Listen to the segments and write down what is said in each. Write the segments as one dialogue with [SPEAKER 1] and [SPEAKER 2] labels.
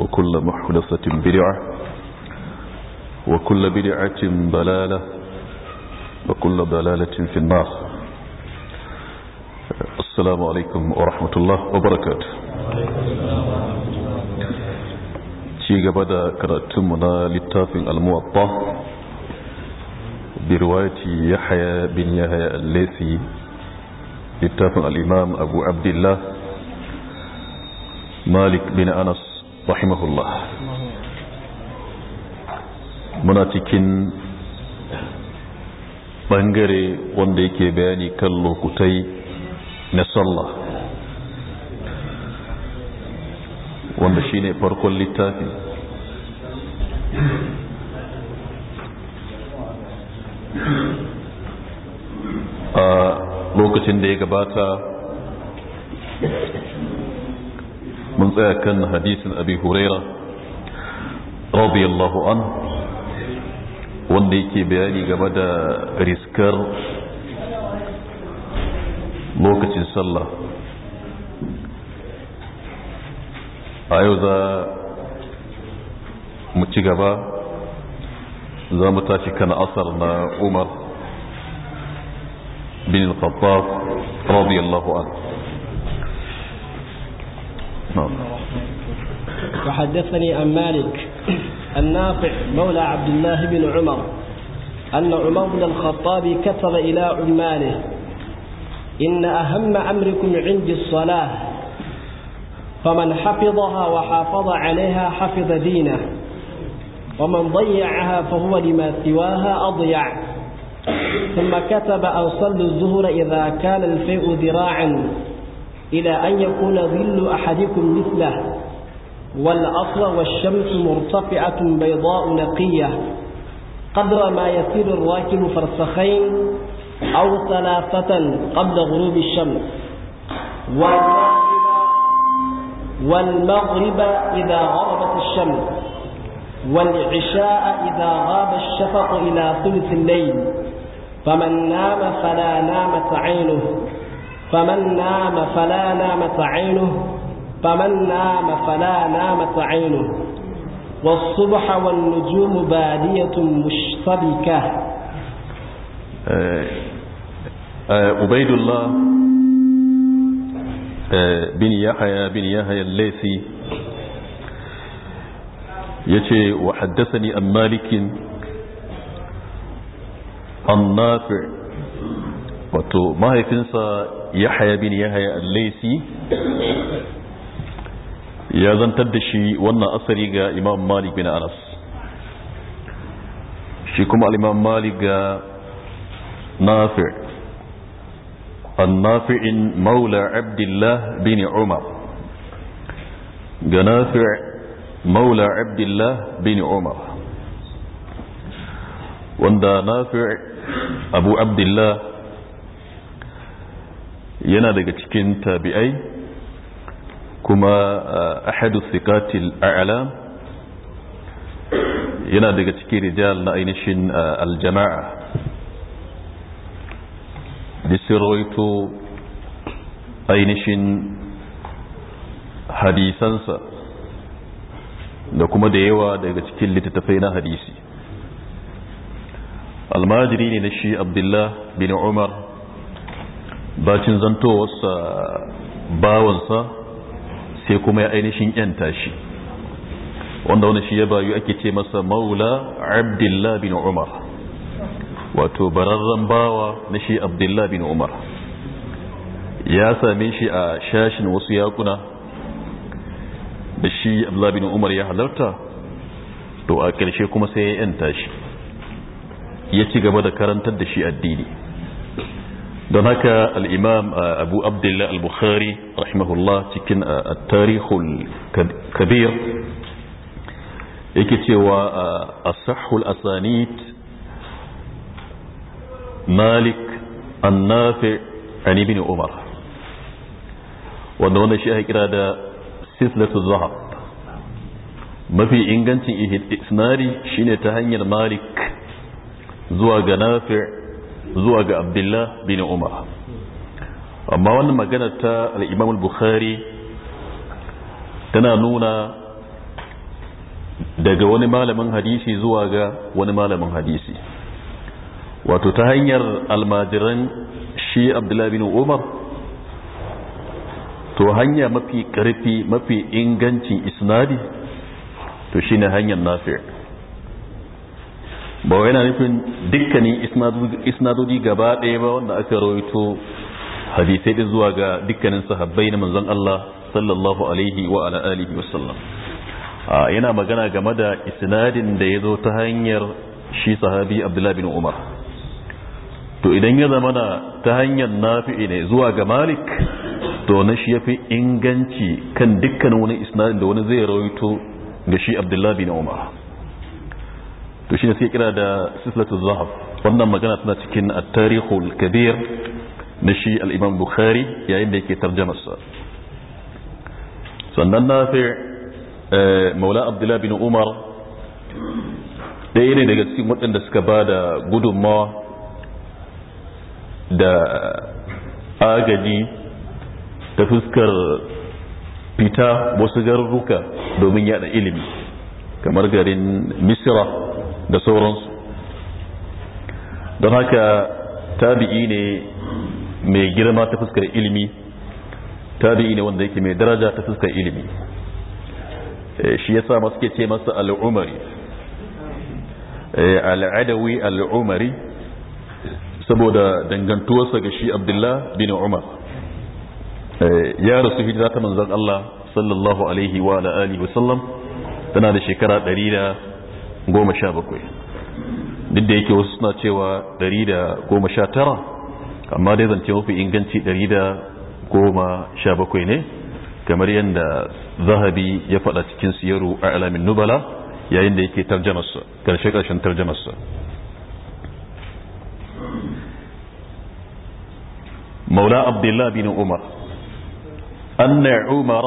[SPEAKER 1] وكل محدثة بدعة وكل بدعة ضلالة وكل ضلالة في النار السلام عليكم ورحمة الله وبركاته شيء بدأ كرتمنا للتافن الموطة برواية يحيى بن يحيى الليثي للتافن الإمام أبو عبد الله مالك بن أنس rahimahullah muna cikin bangare wanda yake bayani kan lokutai na sallah wanda shine farkon littafi a lokacin da ya gabata mun tsaya kan hadisin abi huraira radiyallahu an wanda yake bayani game da riskar lokacin sallah a yau za mu ci gaba za mu tashi kan asar na umar bin al-khattab radiyallahu
[SPEAKER 2] anhu
[SPEAKER 3] نعم. وحدثني عن مالك النافع مولى عبد الله بن عمر أن عمر بن الخطاب كتب إلى عماله إن أهم أمركم عندي الصلاة فمن حفظها وحافظ عليها حفظ دينه ومن ضيعها فهو لما سواها أضيع ثم كتب أن صلوا الظهر إذا كان الفيء ذراعا إلى أن يكون ظل أحدكم مثله والأصل والشمس مرتفعة بيضاء نقية قدر ما يسير الراكب فرسخين أو ثلاثة قبل غروب الشمس والمغرب إذا غربت الشمس والعشاء إذا غاب الشفق إلى ثلث الليل فمن نام فلا نامت عينه فمن نام فلا نامت عينه فمن نام فلا نامت عينه والصبح والنجوم بادية مشتبكة
[SPEAKER 1] آه، آه، عبيد الله آه، بن يحيى بن يحيى الليثي يجي وحدثني عن مالك عن نافع wato mahaifinsa haya bin haya al-laisi ya zantar da shi wannan asari ga imam malik bin anas shi kuma al-imam malik ga nafi' an-nafi'in maula abdullah bin umar ga nafi' maula abdullah bin umar wanda nafi' abu abdullah yana daga cikin tabi'ai kuma eh, ahadu sikatil a'ala yana daga cikin rijal na ainihin eh, aljama'a da sirwaito ainihin hadisansa da kuma da yawa daga cikin littattafai na hadisi almajiri ne na shi abdullah bin umar bacin zantowarsa bawansa sai kuma ya ainihin yan tashi. wanda wani shi ya bayu ake ce masa maula abdullah bin umar wato bararren bawa na shi abdullah bin umar ya same shi a shashin wasu yakuna da shi abdullah bin umar ya halarta to a ƙarshe kuma sai ya yan tashi. ya ci gaba da karantar da shi addini don haka al'imam abu abdullahi al-bukhari rahimahullah cikin tarihul kabir yake cewa a sahul asanit malik annafi an ibn umar wanda wanda shi ya kira da sislatu zahab mafi ingancin isnari shine ta hanyar malik zuwa ga nafi' zuwa ga abdullah bin umar amma wannan magana ta al'imam al-bukhari tana nuna daga wani malamin hadisi zuwa ga wani malamin hadisi wato ta hanyar almajiran shi abdullah bin umar to hanya mafi karfi mafi ingancin isnadi to ne hanyar nafi' ba wai yana nufin dukkanin isnadodi gaba ɗaya ba wanda aka rawaito hadisai din zuwa ga dukkanin sahabbai na manzon Allah sallallahu alaihi wa ala alihi wa sallam yana magana game da isnadin da ya zo ta hanyar shi sahabi Abdullah bin Umar to idan ya zama na ta hanyar nafi'i ne zuwa ga Malik to na shi yafi inganci kan dukkanin wani isnadin da wani zai rawaito ga shi Abdullah bin Umar to da suke kira da sislatu zahab wannan magana tana cikin at kabir na shi al-imam bukhari yayin da yake tarjamar sa sannan nafi eh, maula Abdullahi bin umar ɗaya ne daga cikin waɗanda suka ba da gudunmawa da agaji ta fuskar fita wasu garuruka domin yada ilimi kamar garin misira da sauransu don haka tabi'i ne mai girma ta fuskar ilimi tabi'i ne wanda yake mai daraja ta fuskar ilimi eh, shi yasa sa suke ce masa al'umari eh, al'adawi al'umari saboda dangantuwarsa ga shi abdullah bin umar eh, ya rasu hijira ta manzan Allah sallallahu alaihi wa alihi wasallam tana da shekara 100 goma sha bakwai duk da yake wasu suna cewa dari da goma sha tara amma dai zance mafi inganci dari da goma sha bakwai ne kamar yadda zahabi ya faɗa cikin siyaru a alamin nubala yayin da yake tarjamarsa karshe karshen tarjamarsa maula Abdullahi bin Umar. عمر أن عمر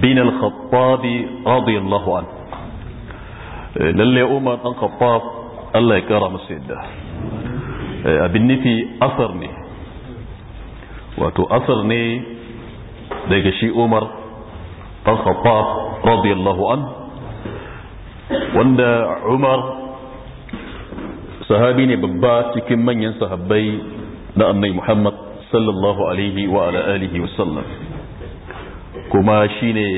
[SPEAKER 1] بن الخطاب رضي الله عنه Eh, lalle umar dan khattab Allah ya kara masa yadda eh, abin nufi asar ne wato asar ne daga shi umar dan khattab radiyallahu an wanda umar sahabi ne babba cikin manyan sahabbai na annai muhammad sallallahu alaihi wa ala alihi wa sallam kuma shine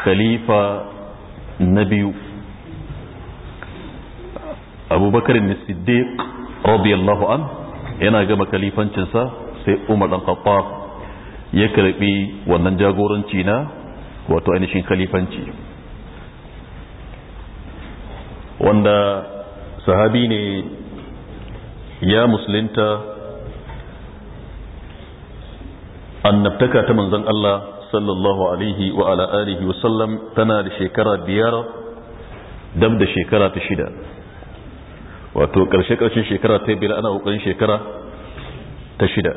[SPEAKER 1] khalifa na biyu abubakar ne siddiq radiyallahu an yana gama kalifancinsa sai umar dan khattab ya karbi wannan jagoranci na wato ainihin kalifanci wanda sahabi ne ya musulunta annabtaka ta manzon Allah sallallahu alaihi wa ala alihi wa sallam tana da shekara biyar dab da shekara ta shida wato karshe karshen shekara ta biyar ana kokarin shekara ta shida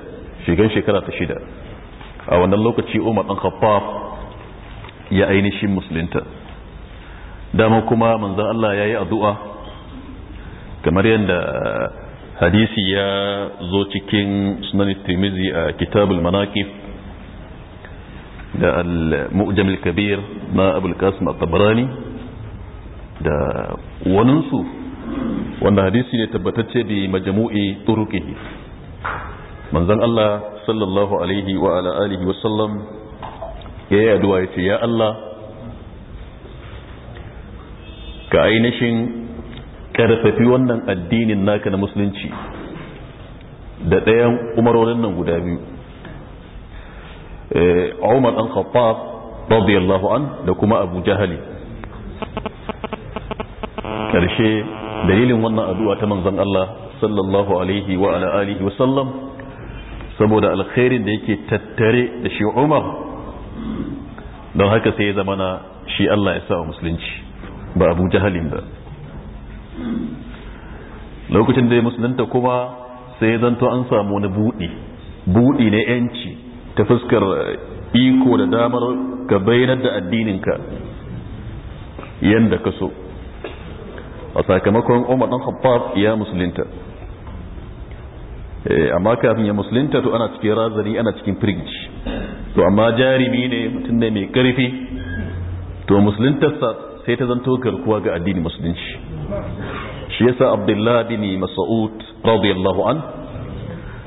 [SPEAKER 1] shigan shekara ta shida a wannan lokaci umar dan khattab ya ainihin musulunta dama kuma manzan Allah ya yi addu'a kamar yadda hadisi ya zo cikin sunan tirmizi a kitabul manaqib da al-mu'jam kabir na abul qasim at-tabarani da waninsu wanda hadisi ne tabbatacce bi majmu'i turuqihi manzon Allah sallallahu alaihi wa ala alihi wa sallam yayi addu'a yace ya Allah ka ainihin karfafi wannan addinin naka na musulunci da ɗayan umarorin nan guda biyu eh, Umar dan Khattab radiyallahu an da kuma Abu Jahali karshe dalilin wannan addu'a ta manzan Allah sallallahu alaihi wa alihi wa sallam saboda alkhairin da yake tattare da shi Umar don haka sai ya zama na shi Allah ya sa musulunci ba Abu Jahalin ba lokacin da ya musulunta kuma sai zanto an samu wani buɗi buɗi na yanci ta fuskar iko da damar ka bayyanar da addininka yadda ka so a sakamakon umar dan khattab ya musulunta eh, amma kafin ya musulunta to ana cikin razari ana cikin firgici to amma jarimi ne mutum ne mai karfi to musuluntarsa sai ta zanto garkuwa ga addini musulunci shi yasa abdullahi bin mas'ud radiyallahu an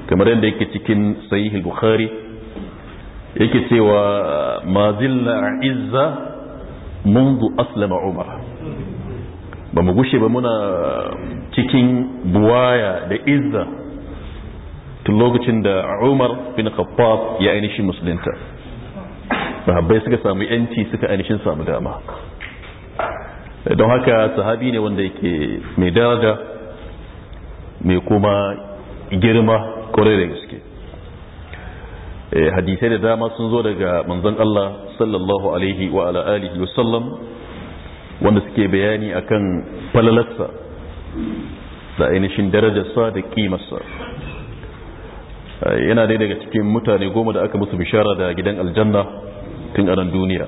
[SPEAKER 1] kamar yadda yake cikin sahih bukhari yake cewa ma zilla izza منذ أسلم عمر ba mu gushe ba muna cikin buwaya da izza tun lokacin da umar bin khattab ya ainihi musulunta sahabbai suka samu yanci suka ainihin samu dama don haka sahabi ne wanda yake mai daraja mai kuma girma kwarai da gaske eh, hadisai da dama sun zo daga manzon Allah sallallahu alaihi wa ala alihi wa sallam wanda suke bayani akan falalarsa da ainihin darajarsa da kimarsa yana dai daga cikin mutane goma da aka musu bishara da gidan aljanna tun anan duniya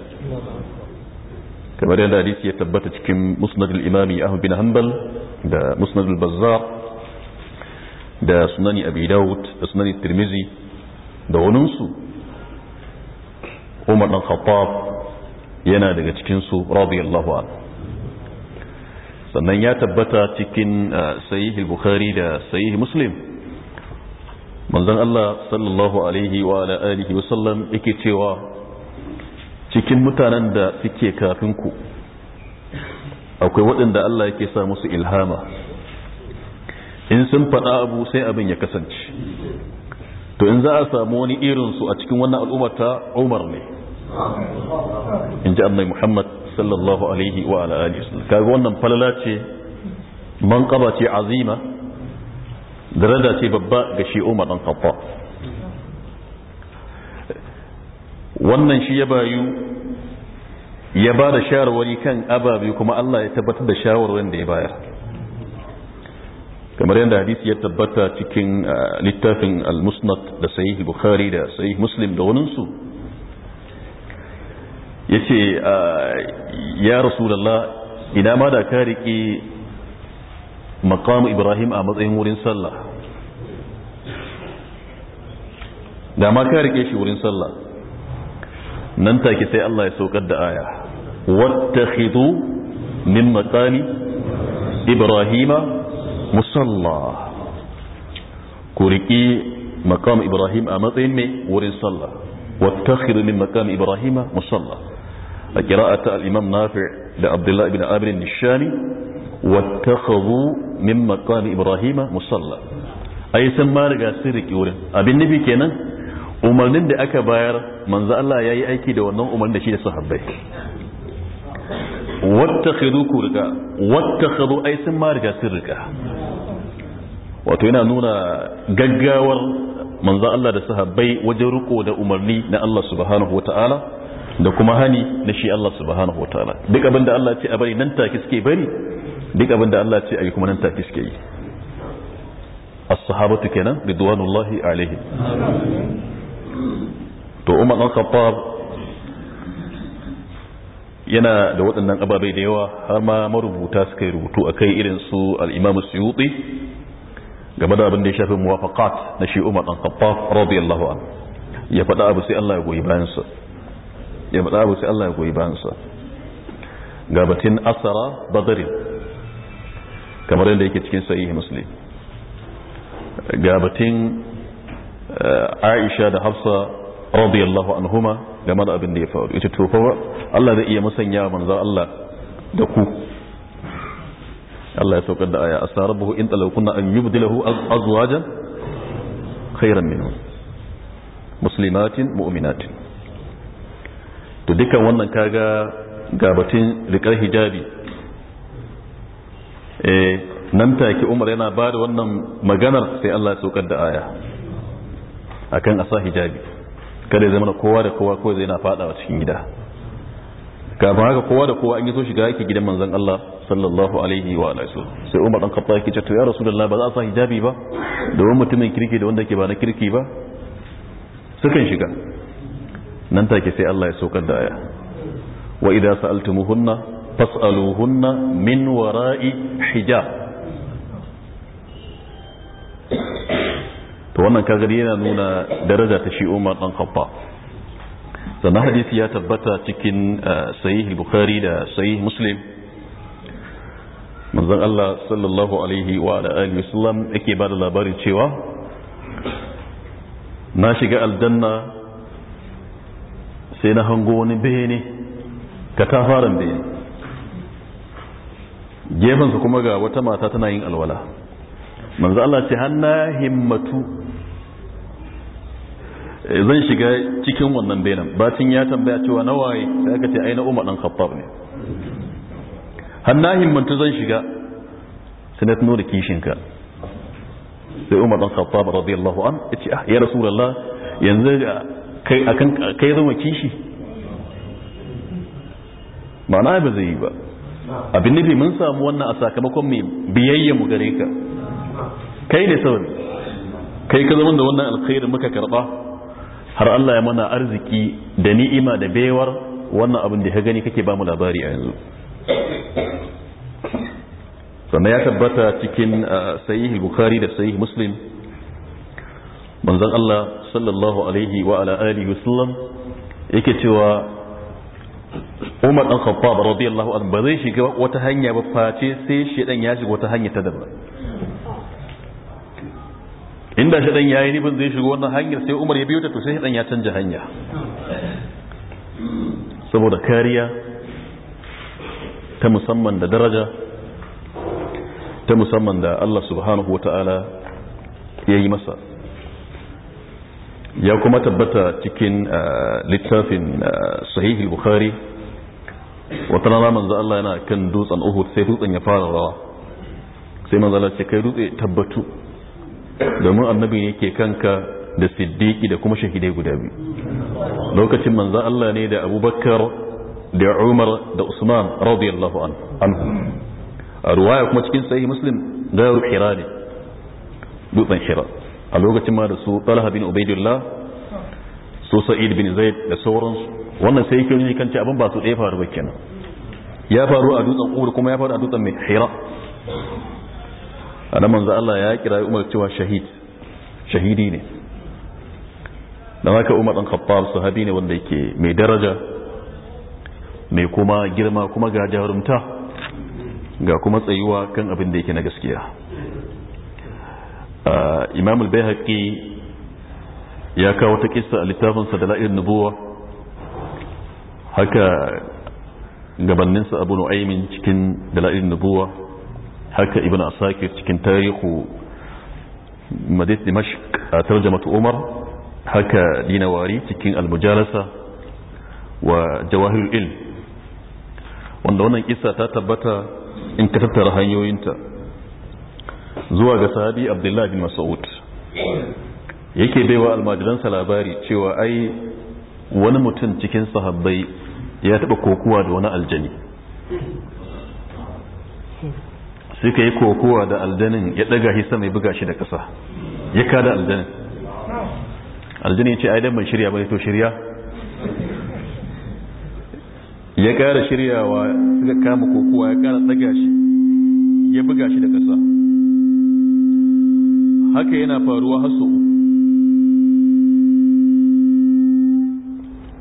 [SPEAKER 1] kamar yadda hadisi ya tabbata cikin musnad al-imami ahmad bin hanbal da musnad al-bazzar da sunani abi dawud da sunani tirmizi da waninsu umar dan khattab yana daga cikinsu radiyallahu an sannan ya tabbata cikin uh, sayihi bukhari da sayihi muslim manzon Allah sallallahu alaihi wa alihi wa sallam yake cewa cikin mutanen da suke kafin ku akwai waɗanda Allah yake sa musu ilhama in sun faɗa abu sai abin ya kasance to in za a samu wani irinsu a cikin wannan al'ummar ta umar ne in ji annai muhammad sallallahu alaihi wa ala alihi kaga wannan falala ce manqaba ce azima daraja ce babba ga shi umar dan khattab wannan shi ya bayu ya ba da shawarwari kan ababe kuma Allah ya tabbatar da shawarwarin da ya bayar kamar yadda hadisi ya tabbata cikin ah, littafin al-musnad da sahih bukhari da sahih muslim da waninsu Ah, ya ce ya rasulallah ina ma da ka riƙe makamu ibrahim a matsayin wurin sallah da ma ka riƙe shi wurin sallah nan take sai Allah ya saukar da aya wata min makami ibrahima musalla ku riƙe makamu ibrahim a matsayin mai wurin sallah wata min makami ibrahima musalla a kira'ata al-imam nafi' da abdullahi bin amir nishani wattakhadhu min maqami ibrahima musalla ai san ma riga sun riki wurin abin nufi kenan umarnin da aka bayar manzo Allah yayi aiki da wannan umarnin da shi da sahabbai wattakhadhu ku riga wattakhadhu ai sun ma riga sun riga wato yana nuna gaggawar manzo Allah da sahabbai wajen riko da umarni na Allah subhanahu wataala da kuma hani na shi Allah subhanahu wa ta'ala duk abin da Allah ce a bari nan take suke bari duk abin da Allah ce a yi kuma nan take suke yi as-sahabatu kenan ridwanullahi alaihim to Umar dan Khattab yana da waɗannan ababai da yawa har ma marubuta suka yi rubutu akai irin su al-Imam Suyuti game da abin da ya shafi muwafaqat na shi Umar dan Khattab radiyallahu anhu ya faɗa abu sai Allah ya goyi bayansa ya faɗa abu sai Allah ya goyi bayansa ga batun asara badari kamar yadda yake cikin sahihi muslim ga batun eh, aisha da hafsa radiyallahu anhuma game da abin da ya faru ita tofa Allah zai iya musanya manzo Allah da ku Allah ya saukar da aya asarabahu in talaquna an yubdilahu azwajan khairan minhu muslimatin mu'minatin to dukan wannan kaga gabatin rikar hijabi eh, nan take umar yana ba da wannan maganar sai Allah ya saukar da aya akan asa hijabi kada ya zama kowa da kowa kawai zai na fadawa cikin gida kafin haka kowa da kowa an yi so shiga yake gidan manzon Allah sallallahu alaihi wa alihi sai Umar dan kafa yake cewa ya rasulullahi ba za a sa hijabi ba domin mutumin kirki da wanda yake ba na kirki ba sukan shiga nan take sai Allah ya saukar da aya wa idza sa'altumuhunna fas'aluhunna min wara'i hijab to wannan kaga yana nuna daraja ta shi Umar dan Khattab sannan hadisi ya tabbata cikin eh, sahih bukhari da sahih muslim manzon Allah sallallahu alaihi wa alihi wasallam yake ba da labarin cewa na shiga aljanna sai na hango wani bene katafaren bene gefensa kuma ga wata mata tana yin alwala manzu Allah ce hanna himmatu eh, zan shiga cikin wannan benin bacin ya tambaya cewa na waye sai aka ce aina umar dan khattab ne hanna himmatu zan shiga sai na tuno da kishinka sai umar dan khattab radiyallahu an ce ah ya rasulullah yanzu kai zama kishi ba na ba zai yi ba abin nufi mun samu wannan a sakamakon mai biyayya mu gare ka kai ne sauri kai ka zama da wannan alkhairin muka karba har Allah ya mana arziki da ni'ima da baiwar wannan abin da ya gani kake ba mu labari a yanzu sannan ya tabbata cikin ah, sahih bukhari da sahih muslim manzon Allah sallallahu alaihi wa ala alihi wasallam yake cewa Umar dan Khattab radiyallahu anhu ba zai shiga wata hanya ba face sai shedan ya shiga wata hanya ta daban inda shedan yayi ban zai shiga wannan hanyar sai Umar ya biyo ta to sai shedan ya canja hanya saboda kariya ta musamman da daraja ta musamman da Allah subhanahu wa ta'ala ya yi masa ya kuma tabbata cikin eh, littafin eh, sahihi bukhari wata rana manzo Allah yana kan dutsen Uhud sai dutsen ya fara rawa sai manzo Allah ce kai dutse tabbatu domin annabi yake kanka da siddiqi da kuma shahidai guda biyu lokacin manzo Allah ne da Abubakar da Umar da Usman radiyallahu anhu a ruwaya kuma cikin sahihi Muslim da Hira ne dutsen Hira a lokacin ma da su talha bin ubaidillah su sa'id bin zaid da sauransu wannan sai yake yi kan ce abin ba su ɗaya faru ba kenan ya faru a dutsen ƙuri, kuma ya faru a dutsen mai hira a manzo Allah ya kira Umar cewa shahid shahidi ne dan haka Umar dan Khattab sahabi ne wanda yake mai daraja mai kuma girma kuma ga jarumta ga kuma tsayuwa kan abin da yake na gaskiya imam al-bayhaqi ya kawo ta kisa a littafinsa da la'ir nubuwa haka gabaninsa abu nu'aimin cikin da la'ir nubuwa haka ibn asakir cikin tarihu madis dimashq a tarjamatu umar haka dinawari cikin al-mujalasa wa jawahirul ilm wanda wannan kisa ta tabbata in ka tattara hanyoyinta zuwa ga sahabi abdullahi bin mas'ud yake baiwa almajiransa labari cewa ai wani mutum cikin sahabbai ya taɓa kokuwa da wani aljani suka yi kokowa da aljanin ya daga hisa mai buga shi da ƙasa ya kada aljanin aljanin ya ce aidan mai shirya bane to shirya ya ƙara shiryawa suka kama kokowa ya ƙara daga shi ya buga shi da ƙasa haka yana faruwa hasso uku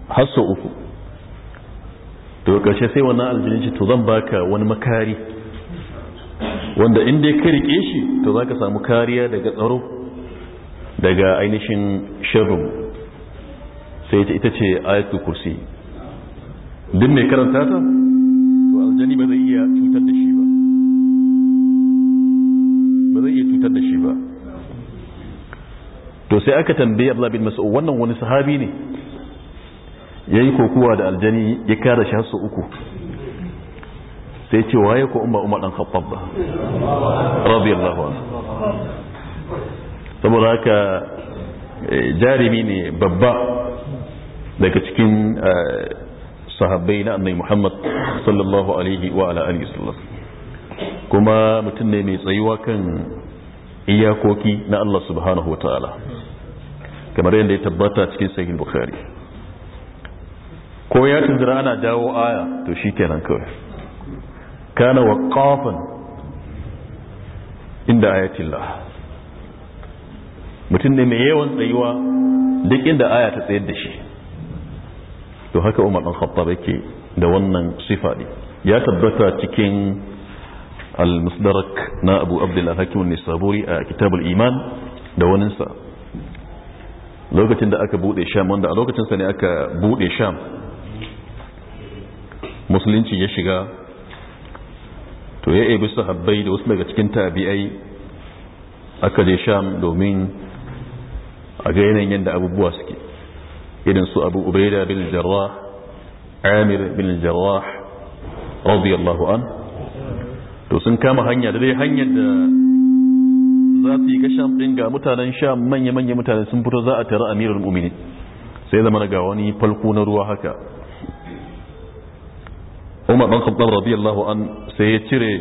[SPEAKER 1] hasso uku to ƙarshe sai wannan aljinin ce to zan baka wani makari wanda inda ya karike shi to za ka samu kariya daga tsaro daga ainihin shirin sai ita ce ayatul kursi duk mai karanta ta to aljani ba sai aka tambaye Abdullah bin Mas'ud wannan wani sahabi ne yayi kokuwa da aljani ya kare shi har uku sai ce waye ko umma umar dan khattab radiyallahu anhu saboda haka eh, jarimi ne babba daga cikin eh, sahabbai na annabi Muhammad sallallahu alaihi wa ala alihi sallam kuma mutum ne mai tsayuwa kan iyakoki na Allah subhanahu wa ta'ala kamar yadda ya tabbata cikin sahih bukhari ko ya tunzura ana jawo aya to shi kenan kawai kana wa waqafan inda ayatillah mutum ne mai yawan tsayuwa duk inda aya ta tsayar da shi to haka umar dan khattab yake da wannan sifa ne ya tabbata cikin al-musdarak na abu abdullah hakim an-nisaburi a kitab iman da waninsa lokacin da aka bude sham wanda a sa ne aka bude sham musulunci ya shiga to ya ebi sahabbai da wasu daga cikin tabi'ai aka je sham domin a ga yanayin yadda abubuwa suke irin su abu ubaida bin jarrah amir bin jarrah radiyallahu an to sun kama hanya da dai hanyar da za su yi gashan ɗin ga mutanen sha manya-manya mutane sun fito za a tara amirul umini sai zama ga wani falko na ruwa haka umar ɗan khattab radiyallahu an sai ya cire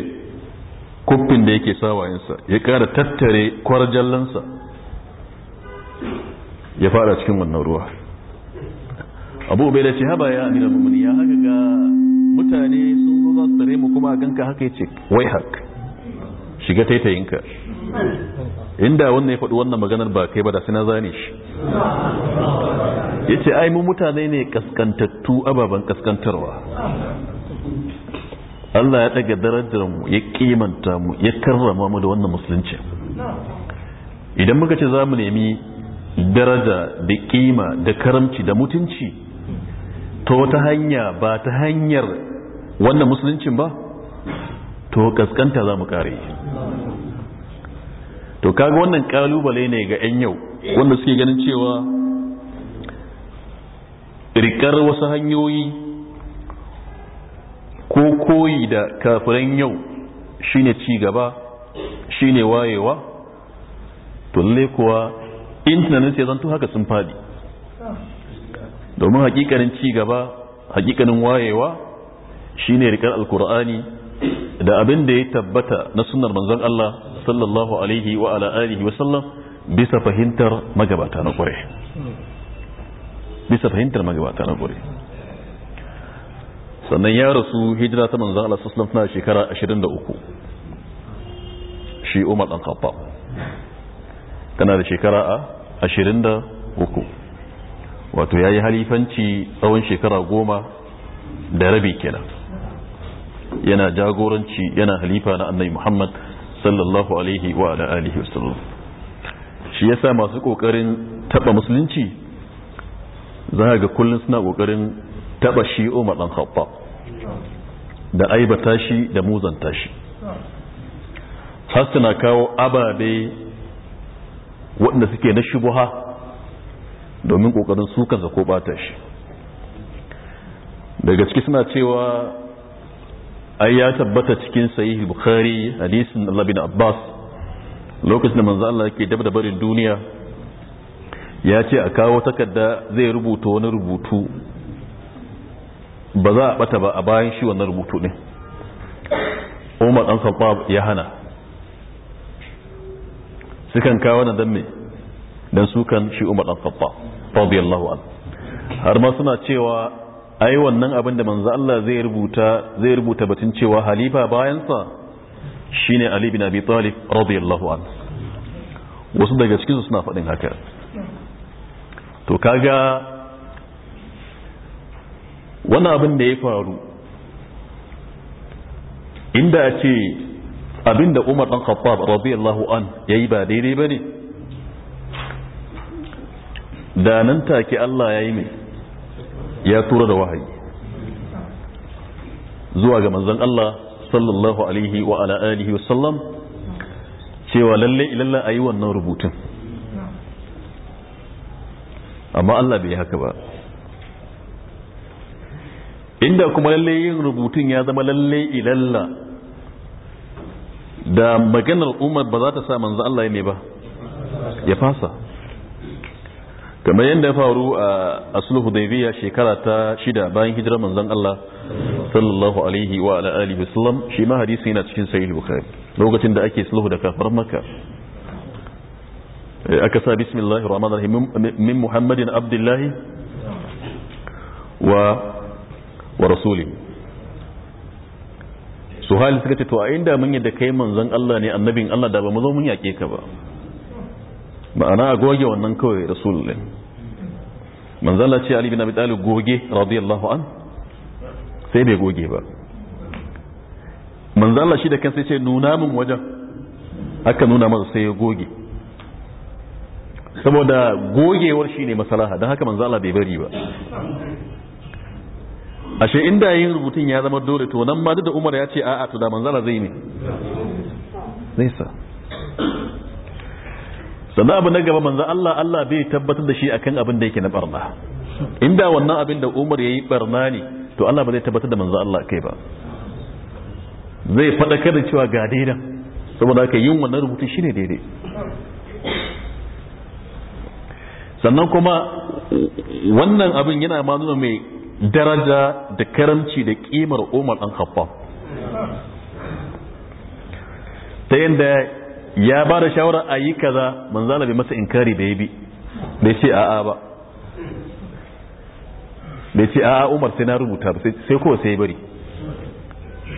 [SPEAKER 1] kuffin da yake sawayensa ya ƙara tattare kwarjallansa ya fada cikin wannan ruwa abu bai da ce haba ya amirul mumini ya haka ga mutane sun zo za su tare mu kuma a ganka haka ya ce wai haka shiga taitayinka inda wannan ya faɗi wannan maganar ba kai ba da suna zane shi ya ce ai mu mutane ne kaskantattu ababen kaskantarwa Allah ya ɗaga darajar mu ya kimanta mu ya karrama mu da wannan musulunci idan muka ce za mu nemi daraja da kima da karamci da mutunci ta hanya ba ta hanyar wannan musuluncin ba to kaskanta za mu kare to kaga wannan kalubale ne ga 'yan yau wanda suke ganin cewa rikar wasu hanyoyi ko koyi da kafiran yau shine ci gaba shine wayewa to lalle kuwa intanet sai zanto haka sun fadi domin hakikanin ci gaba hakikanin wayewa shine rikar alkur'ani da abin da ya tabbata na sunar manzon Allah sallallahu alaihi wa ala alihi wa sallam bisa fahimtar magabata na kure bisa fahimtar magabata na kure sannan ya rasu hijira ta manzo Allah sallallahu alaihi wa shekara 23 shi Umar dan Khattab tana da shekara a 23 wato yayi halifanci tsawon shekara goma da rabi kenan yana jagoranci yana halifa na annabi Muhammad sallallahu alaihi wa ala alihi sallam shi yasa masu kokarin taba musulunci za ga kullun suna kokarin taba shi Umar dan Khattab da aibata shi da muzanta shi har suna kawo ababe waɗanda suke na shubuha domin kokarin su kansa ko bata shi daga ciki suna cewa ai ya tabbata cikin sahih bukhari hadisin Allah bin Abbas lokacin da manzo Allah yake dabda da barin duniya ya ce a kawo takarda zai rubuta wani rubutu ba za a bata ba a bayan shi wannan rubutu ne Umar dan Khattab ya hana sukan kawo na dan me dan kan shi Umar dan Khattab radiyallahu anhu har ma suna cewa ai wannan abin da manzo Allah zai rubuta zai rubuta batun cewa halifa bayansa shine Ali bin Abi Talib radiyallahu anhu wasu daga cikin su suna faɗin haka to kaga wannan abin da ya faru inda a ce abin da Umar dan Khattab radiyallahu an yayi ba daidai bane da nan take Allah yayi mai ya tura da wahayi zuwa ga manzon Allah sallallahu alaihi wa ala alihi wa sallam cewa lalle ilalla ayi wannan rubutun amma Allah bai haka ba inda kuma lalle yin rubutun ya zama lalle ilalla da maganar umar ba za ta sa manzo Allah ne ba ya fasa kamar yadda ya faru a asulhu hudaybiya shekara ta shida bayan hijirar manzon Allah sallallahu alaihi wa ala alihi sallam. shi ma hadisi yana cikin sahih bukhari lokacin da ake sulhu da kafar makka eh, aka sa bismillahir rahmanir rahim min muhammadin abdullahi wa wa rasuli su hali suka ce to a inda mun yadda kai manzon Allah ne annabin Allah da ba mu zo mun yake ka ba ma'ana a goge wannan kawai rasulun manzala ce ali bin abi talib goge radiyallahu an sai bai goge ba manzala shi da kansa ce nuna min wajen aka nuna masa sai ya goge saboda gogewar shi ne masalaha don haka manzala bai bari ba ashe inda yin rubutun ya zama dole to nan ma duk da umar ya ce a'a to da manzala zai ne zai sa sannan abu na gaba manzo Allah Allah bai tabbatar da shi akan abin da yake na barna inda wannan abin da Umar ya yi barna ne to Allah ba zai tabbatar da manzo Allah kai ba zai faɗakar da cewa ga daidan saboda haka yin wannan rubutu shi shine daidai sannan kuma wannan abin yana ma nuna mai daraja da karamci da kimar Umar dan Khattab ta yanda ya ba da shawara a yi kaza manzala bai masa inkari da ya bi bai ce a'a ba bai ce a'a umar sai na rubuta ba sai kowa sai bari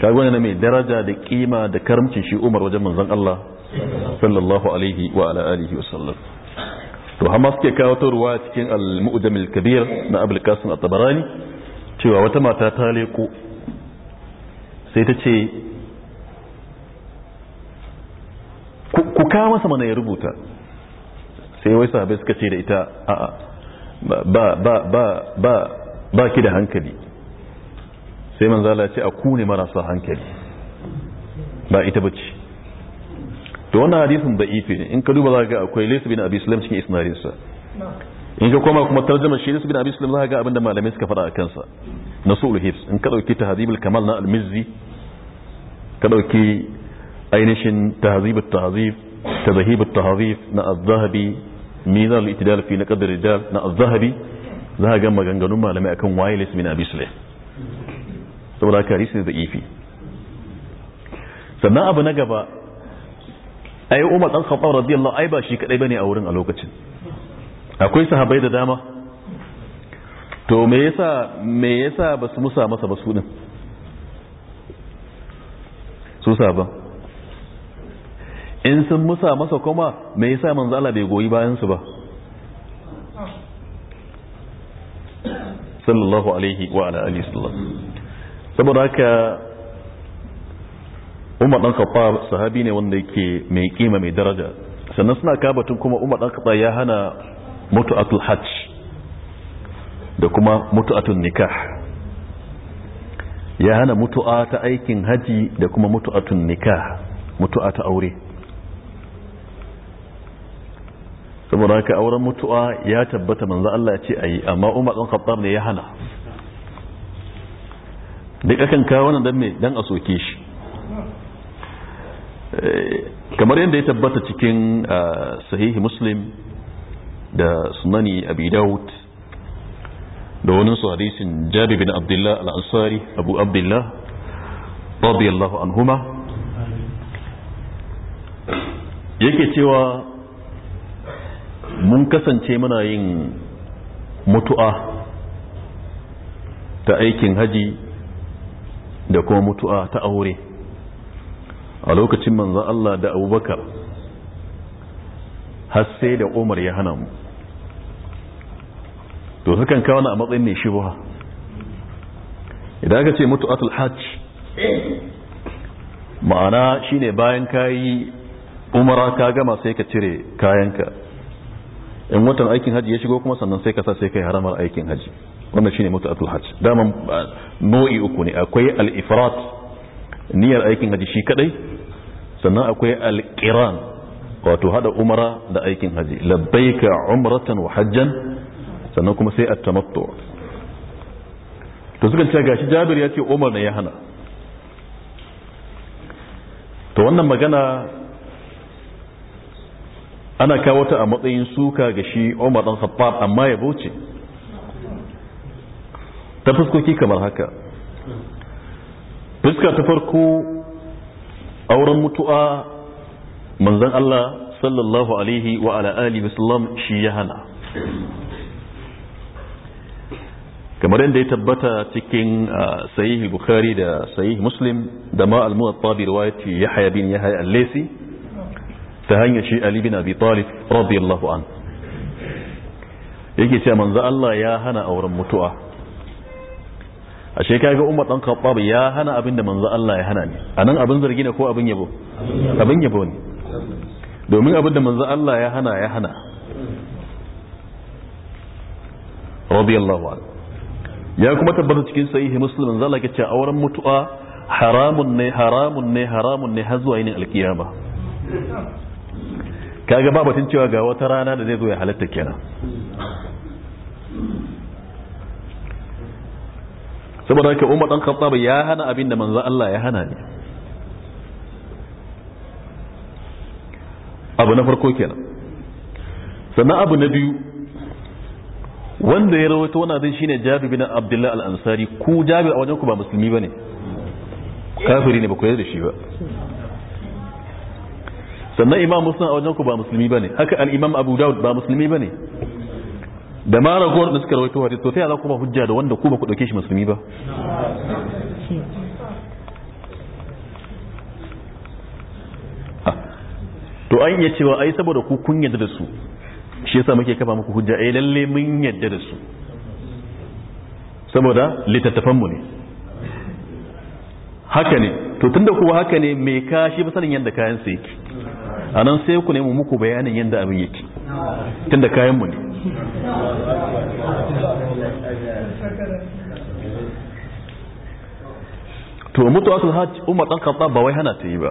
[SPEAKER 1] ta gwani na mai daraja da kima da karamcin shi umar wajen manzan Allah sallallahu alaihi wa ala alihi wa sallam to hama suke kawo ta ruwa cikin al mujamil kabir na abul qasim at-tabarani cewa wata mata ta leko sai ta ce ku kawo masa mana ya rubuta sai wai sahabai suka ce da ita a'a ba ba ba ba ba ki da hankali sai manzala ce a ku ne marasa hankali ba ita bace to wannan hadisin da'ifi ne in ka duba za ga akwai Laysa bin Abi Sulaim cikin isnadin sa
[SPEAKER 2] in ka koma kuma
[SPEAKER 1] tarjumar shi Laysa bin Abi Sulaim za ga abinda malamai suka faɗa a kansa na sulul hifs in ka dauki tahdhibul kamal na al-Mizzi ka dauki ainihin tahzib tahzib tazahib tahzib na az-zahabi mizan al-itidal fi naqd rijal na az-zahabi za ga maganganun malamai akan waye min abi sulaim saboda ka hadisi da ifi sannan abu na gaba ai umar dan khattab radiyallahu ai ba shi kadai bane a wurin a lokacin akwai sahabbai da dama to me yasa me yasa basu musa masa basu din su sahabban in sun musa masa kuma mai yasa manzo Allah bai goyi bayansu su ba sallallahu alaihi wa ala alihi saboda haka Umar dan kafa sahabi ne wanda yake mai kima mai daraja sannan suna kabatun kuma Umar dan kafa ya hana mutu'atul hajj da kuma mutu'atun nikah ya hana mutu'a ta aikin haji da kuma mutu'atun nikah mutu'a ta aure saboda haka auren mutuwa ya tabbata manzo Allah ya ce ayi amma Umar dan Khattab ne ya hana duk akan kawo wannan dan me dan a soke shi eh, kamar yadda ya tabbata cikin ah, sahihi muslim da sunani abi daud da wani su hadisin jabi bin abdullah al-ansari abu abdullah radiyallahu anhuma yake cewa mun kasance muna yin mutu'a ta aikin haji da kuma mutu'a ta aure a lokacin manzo Allah da abubakar har sai da umar ya hana mu to sukan kawo na a matsayin mai shubha idan aka ce mutu'atul hajj ma'ana shine bayan kayi umara ka gama sai ka cire kayanka in watan aikin haji ya shigo kuma sannan sai ka sai kai haramar aikin haji wannan shine mutaatul hajj dama nau'i uku ne akwai al-ifrat niyyar aikin haji shi kadai sannan akwai al-qiran wato hada umara da aikin haji labbaika umratan wa hajjan sannan kuma sai at-tamattu to suka ce gashi Jabir ya ce Umar ne ya hana to wannan magana
[SPEAKER 2] ana kawo ta a
[SPEAKER 1] matsayin suka ga shi Umar dan Khattab amma ya bauce ta fuskoki kamar haka fuska ta farko auren mutu'a manzon Allah sallallahu alaihi wa ala alihi wasallam shi ya hana kamar yadda ya tabbata cikin ah, sahih bukhari da sahihi muslim da ma al-muwatta bi riwayati yahya bin yahya al-laysi ta hanyar shi Ali bin Abi Talib radiyallahu an yake cewa manzo Allah ya hana auren mutuwa ashe ga Umar dan Khattab ya hana abin da manzo Allah ya hana ne anan abin zargi ne ko abin yabo abin yabo ne domin abin da manzo Allah ya hana ya hana radiyallahu an ya kuma tabbata cikin sahihi muslim manzo ke yake auren mutuwa haramun ne haramun ne haramun ne har zuwa yin alkiyama kaga ba batun cewa ga wata rana da zai zo ya halatta kenan saboda haka umar dan khattab ya hana abin da manzo Allah ya hana ne abu na farko kenan sannan abu na biyu wanda ya rawaito wannan din shine Jabir bin Abdullah al-Ansari ku Jabir a wajen ku ba musulmi bane kafiri ne ba ku yarda da shi ba sannan imam muslim a wajen ku ba musulmi bane haka al-imam abu daud ba musulmi bane da ma ragowar da suka rawaito hadisi to sai za ku ba hujja da wanda ku ba ku dauke shi musulmi ba ah. to an iya cewa ai saboda ku kun yadda da su shi yasa muke kafa muku hujja ai eh, lalle mun yadda da su saboda littattafan mu ne haka ne to tunda kuwa haka ne me ka shi ba sanin yadda kayan su yake a nan sai ku nemi muku bayanin yadda abin yake tun da kayanmu ne to mutu sun hajji umar ɗan karɓa ba wai hana ta yi ba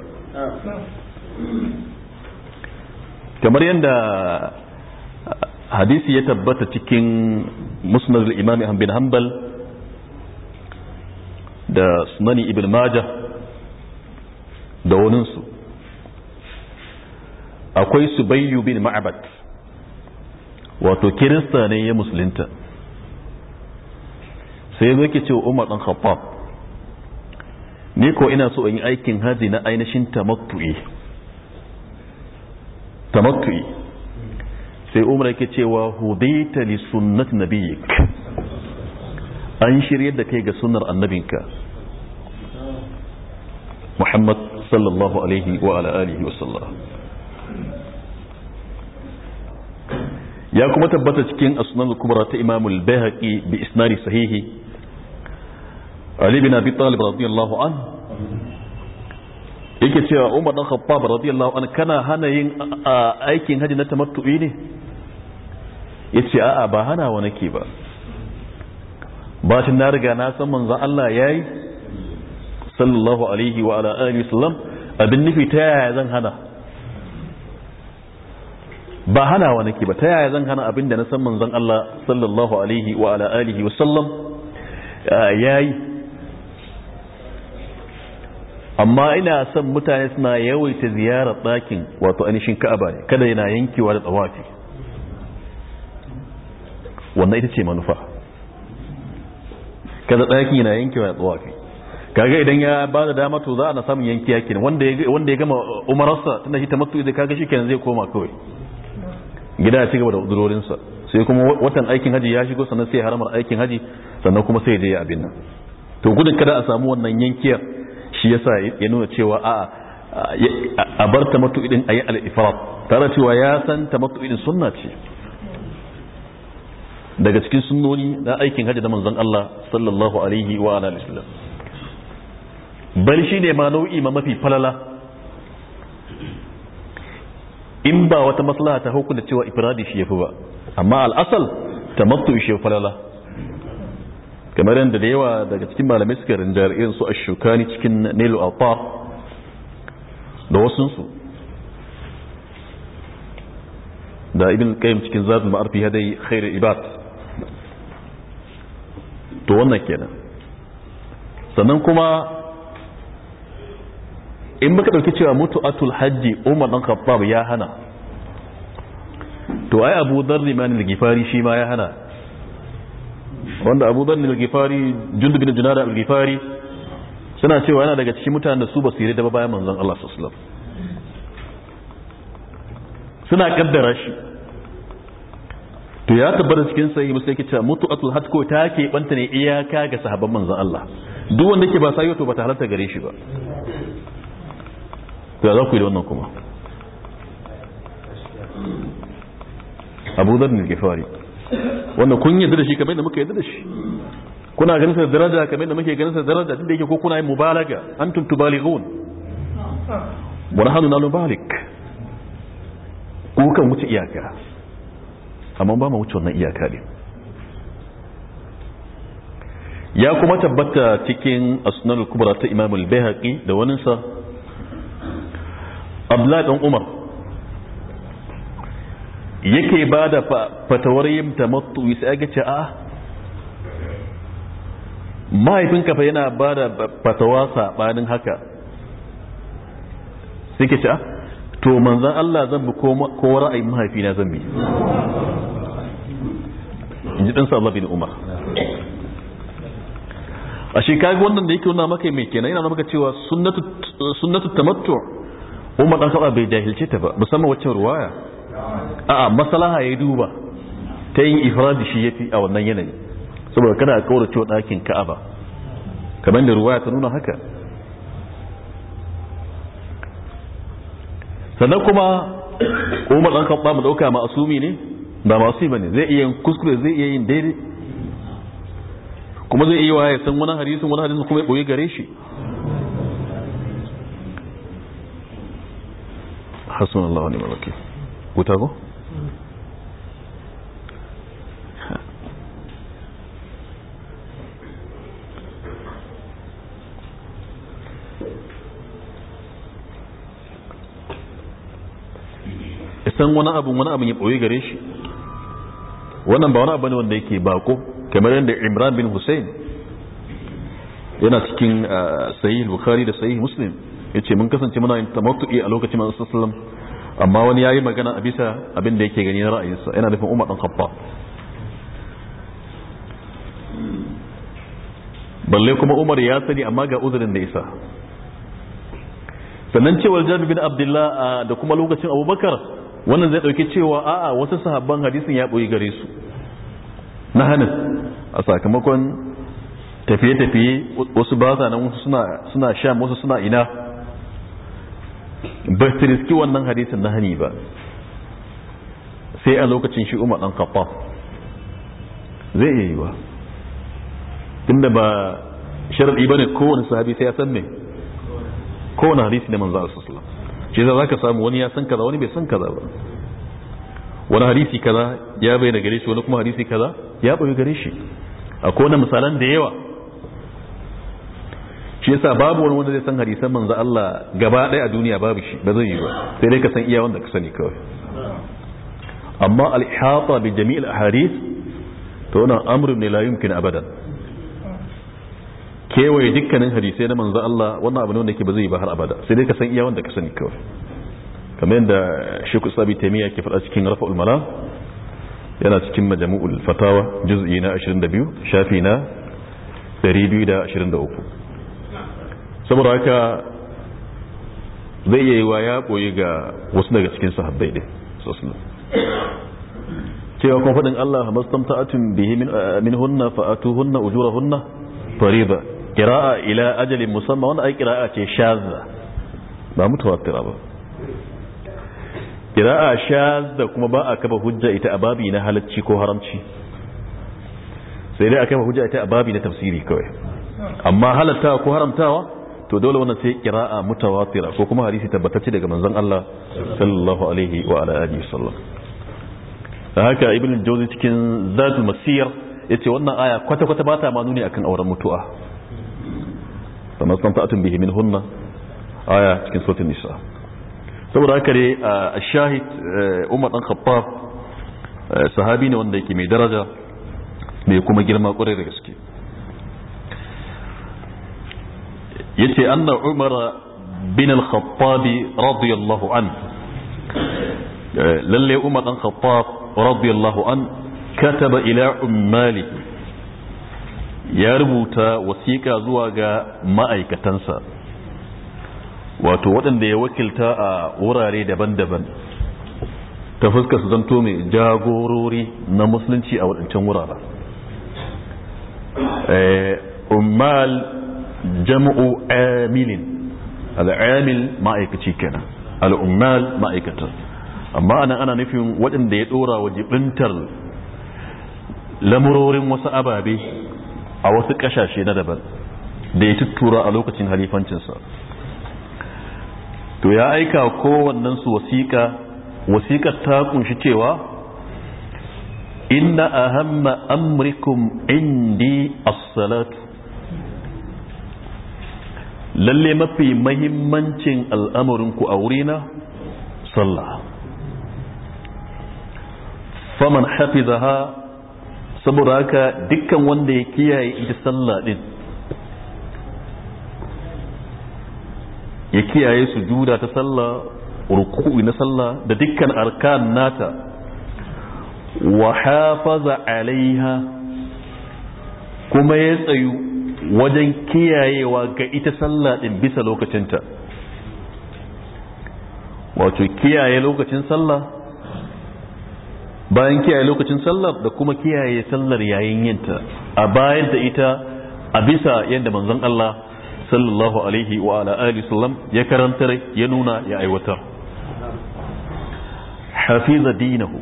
[SPEAKER 1] kamar yadda hadisi ya tabbata cikin musnad imami imam bin hanbal da sunani ibn majah da waninsu akwai subayyu bin ma'abad wato kirista ne ya musulunta sai zo ke cewa umar dan khattab ni ko ina so in yi aikin haji na ainihin tamattu'i tamattu'i sai umar yake cewa hudaita li sunnat nabiyyik an shirye da kai ga sunnar annabinka muhammad sallallahu alaihi wa ala alihi wa sallam ya kuma tabbata cikin asunan kubra ta imamul bayhaqi bi isnari sahihi ali bin abi talib radiyallahu an yake cewa umar dan khattab radiyallahu an kana hana yin aikin haji na tamattu'i ne yace a'a ba hana wa nake ba Ba tun na riga na san manzon Allah yayi sallallahu alaihi wa ala alihi wasallam abin nufi ta yaya zan hana ba hanawa nake ba ta yaya zan hana abin da na san manzon Allah sallallahu alaihi wa ala alihi wa sallam ah, yayi amma ina son mutane suna yawaita ziyarar ɗakin wato ainihin ka'aba ne kada yana yankewa da tsawafi wannan ita ce manufa kada ɗakin yana yankewa da tsawafi kaga idan ya ba da dama to za a na samun yanki yakin wanda ya gama umararsa tana shi ta matu kaga shi kenan zai koma kawai gida ya ci da udurorinsa sai kuma watan aikin haji ya shigo sannan sai haramar aikin haji sannan kuma sai dai abin nan to gudun kada a samu wannan yankiyar shi yasa ya nuna cewa a'a a bar ta matu idin ayi al-ifrat tare cewa ya san ta matu idin sunna ce daga cikin sunnoni na aikin haji da manzon Allah sallallahu alaihi wa ala wasallam bal shine ma nau'i ma mafi falala in ba wata maslaha ta hukunta cewa ifradi shi yafi ba amma al'asal tamattu shi falala kamar yadda da yawa daga cikin malamai suka rinjar irin su ashukani cikin nilu al-tar da su. da ibn qayyim cikin zazul ma'arfi hadai khairul ibad to wannan kenan sannan kuma in muka dauki cewa atul hajji umar dan khattab ya hana to ai abu dharr man al-gifari shi ma ya hana wanda abu dharr al-gifari jundu bin junada al-gifari suna cewa yana daga cikin mutanen da su basu yarda bayan manzon Allah sallallahu alaihi wasallam suna kaddara shi to ya tabbata cikin sahihi musu yake cewa atul hajji ko ta ke banta ne iyaka ga sahabban manzon Allah duk wanda yake ba sayo to ba ta halarta gare shi ba da za ku yi da wannan kuma abu zarni fari wannan kun yadda da shi kamar da muka yadda da shi kuna ganin sa daraja kamar da muke ganin sa daraja da yake ko kuna yin mubalaga antum tubalighun wa nahnu hannu na ku kan wuce iyaka amma ba mu wuce wannan iyaka ne ya kuma tabbata cikin asnal kubra ta imam al-bayhaqi da waninsa abdullahi dan umar yake ba da fatawar yin tamattu sai ga ce a ah, mahaifinka fa yana ba da fatawa saɓanin haka sai ke ce a ah, to manzan Allah zan bi ko ra'ayin mahaifina zan bi in ji ɗansa Allah bin Umar a shekaru wannan da yake nuna maka mai kenan yana maka cewa sunnatu tamattu umar ɗan kaba bai jahilce ta ba musamman wacce ruwaya a'a masalaha ya duba ta yin da shi yafi a wannan yanayi saboda kana kaura cewa ɗakin ka'aba kamar da ruwaya ta nuna haka sannan kuma umar dan kaba mu dauka ma'asumi ne ba masu bane zai iya yin kuskure zai iya yin daidai kuma zai iya waye san wani hadisin wani hadisin kuma ya ɓoye gare shi hasbunallahu wa wani wakil wuta go san wani abin wani abin ya ɓoye gare shi wannan ba wani abu ne wanda yake bako kamar yadda imran bin hussein yana cikin ah, sahih bukhari da sahih muslim ya ce mun kasance muna yin tamattu'i a lokacin manzo sallallahu alaihi wasallam amma wani yayi magana a bisa abin da yake gani na ra'ayinsa yana nufin Umar dan Khattab balle kuma Umar ya sani amma ga uzurin da isa sannan cewar Jabir bin Abdullah da kuma lokacin Abubakar wannan zai dauki cewa a'a wasu sahabban hadisin ya boye gare su na hanin a sakamakon tafiye-tafiye wasu ba nan wasu suna sha wasu suna ina ba su riski wannan hadisin na hani ba sai a lokacin shi umar dan kafa zai iya yi ba tunda ba sharaɗi ba ne kowane sahabi sai ya san me kowane hadisi ne manzo sallallahu alaihi wasallam shi za ka samu wani ya san kaza wani bai san kaza ba wani hadisi kaza ya bayyana gare shi wani kuma hadisi kaza ya bayyana gare shi akwai wani misalan da yawa shi yasa babu wani wanda zai san hadisan manzo Allah gaba ɗaya a duniya babu shi ba zai yi ba sai dai ka san iya wanda ka sani kawai amma al-ihata bi jami'il ahadith to wannan amrun ne la yumkin abadan kewaye dukkanin hadisai na manzo Allah wannan abu ne wanda yake ba zai yi ba har abada sai dai ka san iya wanda ka sani kawai kamar yadda Sheikh Sabi Taymiya ke faɗa cikin Rafa'ul Malam yana cikin Majmu'ul Fatawa juz'i na 22 shafi na 223 saboda haka zai iya yiwa ya koyi ga wasu daga cikin sahabbai din sosai cewa kuma faɗin Allah mastamta'atun bihi min eh, hunna fa'atu hunna ujura hunna fariba qira'a ila ajalin musamma wannan ai qira'a ce shazza ba mutawattira ba qira'a shazza kuma ba a kaba hujja ita a babi na halacci ko haramci sai dai a kaba hujja ita a babi na tafsiri kawai amma halatta ko haramtawa to dole wannan sai kira'a mutawatira ko kuma hadisi tabbatacce daga manzon Allah sallallahu alaihi wa ala alihi sallam haka ibn jawzi cikin zatul masir yace wannan aya kwata kwata bata ma nuni akan auren mutu'a kamar san ta'atun bihi min hunna aya cikin suratul nisa saboda haka ne a shahid e, umar dan khattab e, sahabi ne wanda yake mai daraja mai kuma girma kwarai da gaske yace anna umar bin al-khattabi radiyallahu an lalle umar dan khattab radiyallahu an kataba ila ummali ya rubuta wasiƙa zuwa ga ma'aikatansa wato waɗanda ya wakilta a wurare daban-daban ta fuskar su zanto mai jagorori na musulunci a waɗancan wurare ummal jam'u amilin al'amil ma'aikaci kenan al al'ummal ma'aikatar amma anan ana nufin waɗanda ya ɗora wa jibintar lamurorin wasu ababe a wasu ƙasashe na daban da ya tuttura a lokacin halifancinsa to ya aika kowannen su wasiƙa wasiƙar ta kunshi cewa inna ahamma amrikum indi as-salatu lalle mafi mahimmancin al'amarinku a wurina sallah faman zaha saboda haka dukkan wanda ya kiyaye ita sallah din ya kiyaye sujuda ta sallah rukuku na sallah da dukkan arkan nata wa hafaza alaiha kuma ya tsayu wajen kiyayewa ga ita sallah din bisa lokacinta wato kiyaye lokacin sallah bayan kiyaye lokacin sallah da kuma kiyaye sallar yayin yinta a bayan da ita a bisa yadda manzon Allah sallallahu alaihi wa ala alihi sallam ya karantar ya nuna ya aiwatar hafiza dinahu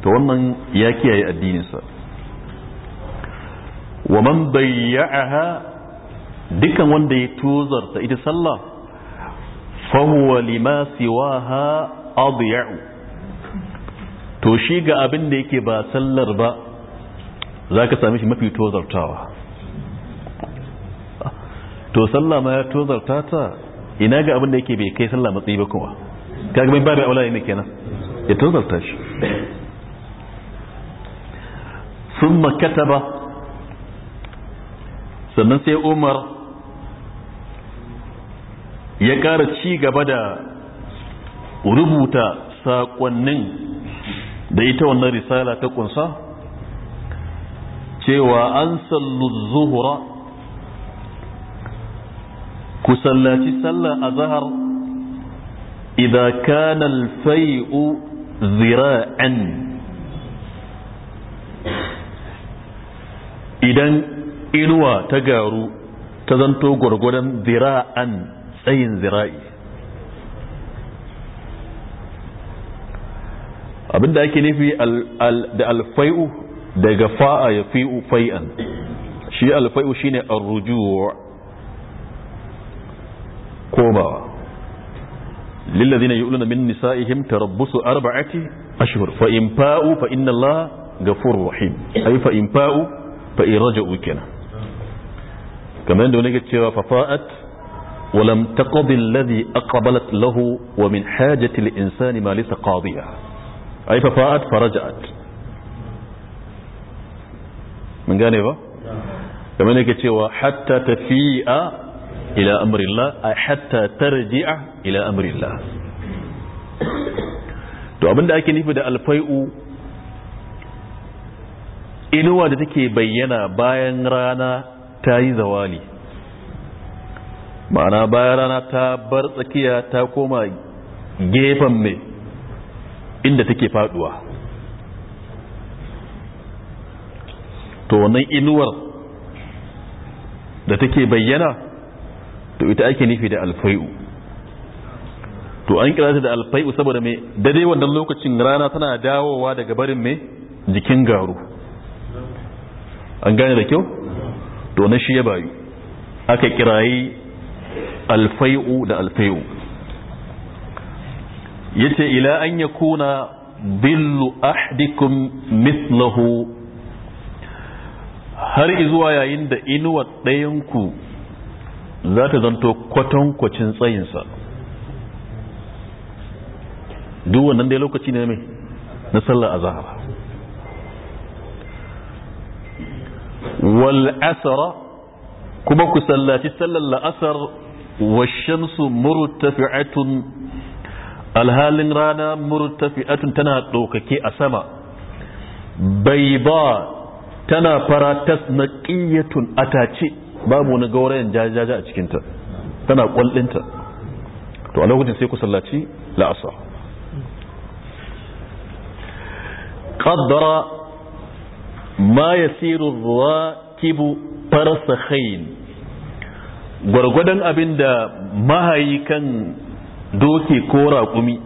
[SPEAKER 1] to wannan ya kiyaye addininsa wa man dayya'aha dukan wanda ya tozarta ita sallah fa huwa lima siwaha adya'u to shi ga abin da yake ba sallar ba za ka sami shi mafi tozartawa to sallah ma ya tozarta ta ina ga abin da yake bai kai sallah matsayi ba kuma kaga bai babu aula ne kenan ya tozarta shi ثم كتب sannan sai umar ya ƙara ci gaba da rubuta saƙonnin da ita wannan risala ta kunsa cewa an sallu zuhura ku sallaci sallar azahar idan kanal alfai'u zira'an idan inuwa ta garu ta zanto gwargwadon zira'an tsayin zira'i abinda ake nufi da alfai'u daga fa'a ya fi'u fai'an shi alfai'u shine arrujuwa komawa lillazina yu'luna min nisa'ihim tarabbusu arba'ati ashhur fa in fa'u fa inna allaha ghafurur rahim ay fa in fa'u fa in raja'u kenan kamar yadda wani ga cewa fafa'at ولم تقض الذي أقبلت له ومن حاجة الإنسان ما ليس قاضية أي ففاءت فرجعت من جانبه كما نكتشف حتى تفيء إلى أمر الله أي حتى ترجع إلى أمر الله to abin da ake nufi da alfai'u inuwa da take bayyana bayan rana ta yi zawali ma'ana bayan rana ta bar tsakiya ta koma gefen mai inda take faduwa to wannan inuwar da take bayyana to ita ake nufi da alfai'u to an kira ta da alfai'u saboda mai daidai wannan lokacin rana tana dawowa daga barin mai jikin garu an gane da kyau to na shi ya bayu aka kirayi alfai'u da alfai'u yace ila an yakuna billu ahdikum mithlahu har izuwa yayin da inuwa ɗayanku za ta zanto kwatankwacin tsayinsa duk wannan dai lokaci ne mai na sallar azahar wal kuma ku sallaci sallar la'asar wa shamsu murtafi'atun alhalin rana murtafi'atun tana ɗaukake a sama bai ba tana fara tasnaqiyatun atace babu wani gaurayen jajaja a cikinta tana kwallinta to a lokacin sai ku sallaci la'asar qaddara ma yasiru rakibu farsakhain gwargwadon abin da mahayi kan doki ko raƙumi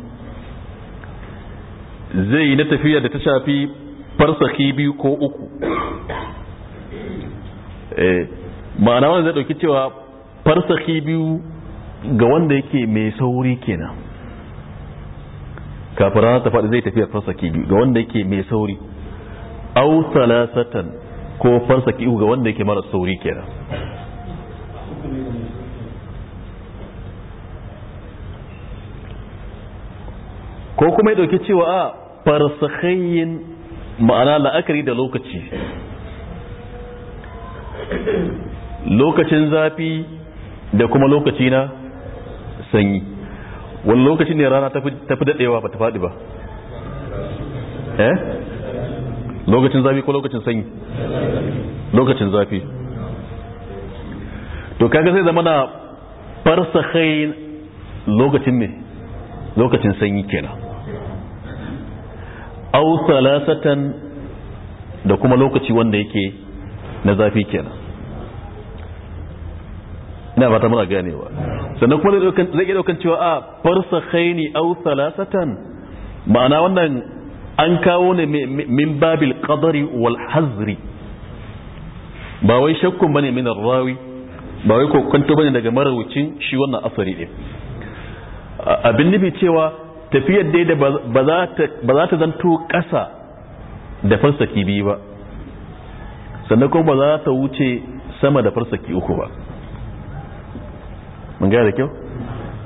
[SPEAKER 1] zai yi na tafiya da ta shafi farsaki biyu ko uku ma'ana wanda zai ɗauki cewa farsaki biyu ga wanda yake mai sauri kenan kafin rana ta faɗi zai tafiya farsaki biyu ga wanda yake mai sauri au salasatan ko farsaki uku ga wanda yake mara sauri kenan ko kuma ya dauki cewa a farsakhayin ma'ana la'akari da lokaci lokacin zafi da kuma lokaci na sanyi wani lokacin ne rana ta fi daɗewa ba ta faɗi ba eh lokacin zafi ko lokacin sanyi lokacin zafi to kaga sai zama na kai lokacin me lokacin sanyi kenan aw salasatan da kuma lokaci wanda yake na zafi kenan ina ba ta muna ganewa sannan kuma zai iya daukan cewa a farsakhaini aw salasatan ma'ana wannan an kawo ne min babil qadari wal hazri ba wai shakkun bane min rawi ba wai kokonto bane daga marawucin shi wannan asari din abin nufi cewa tafiyar dai da ba za ta zanto ƙasa da farsaki biyu ba sannan kuma ba za ta wuce sama da farsaki uku ba mun gaya da kyau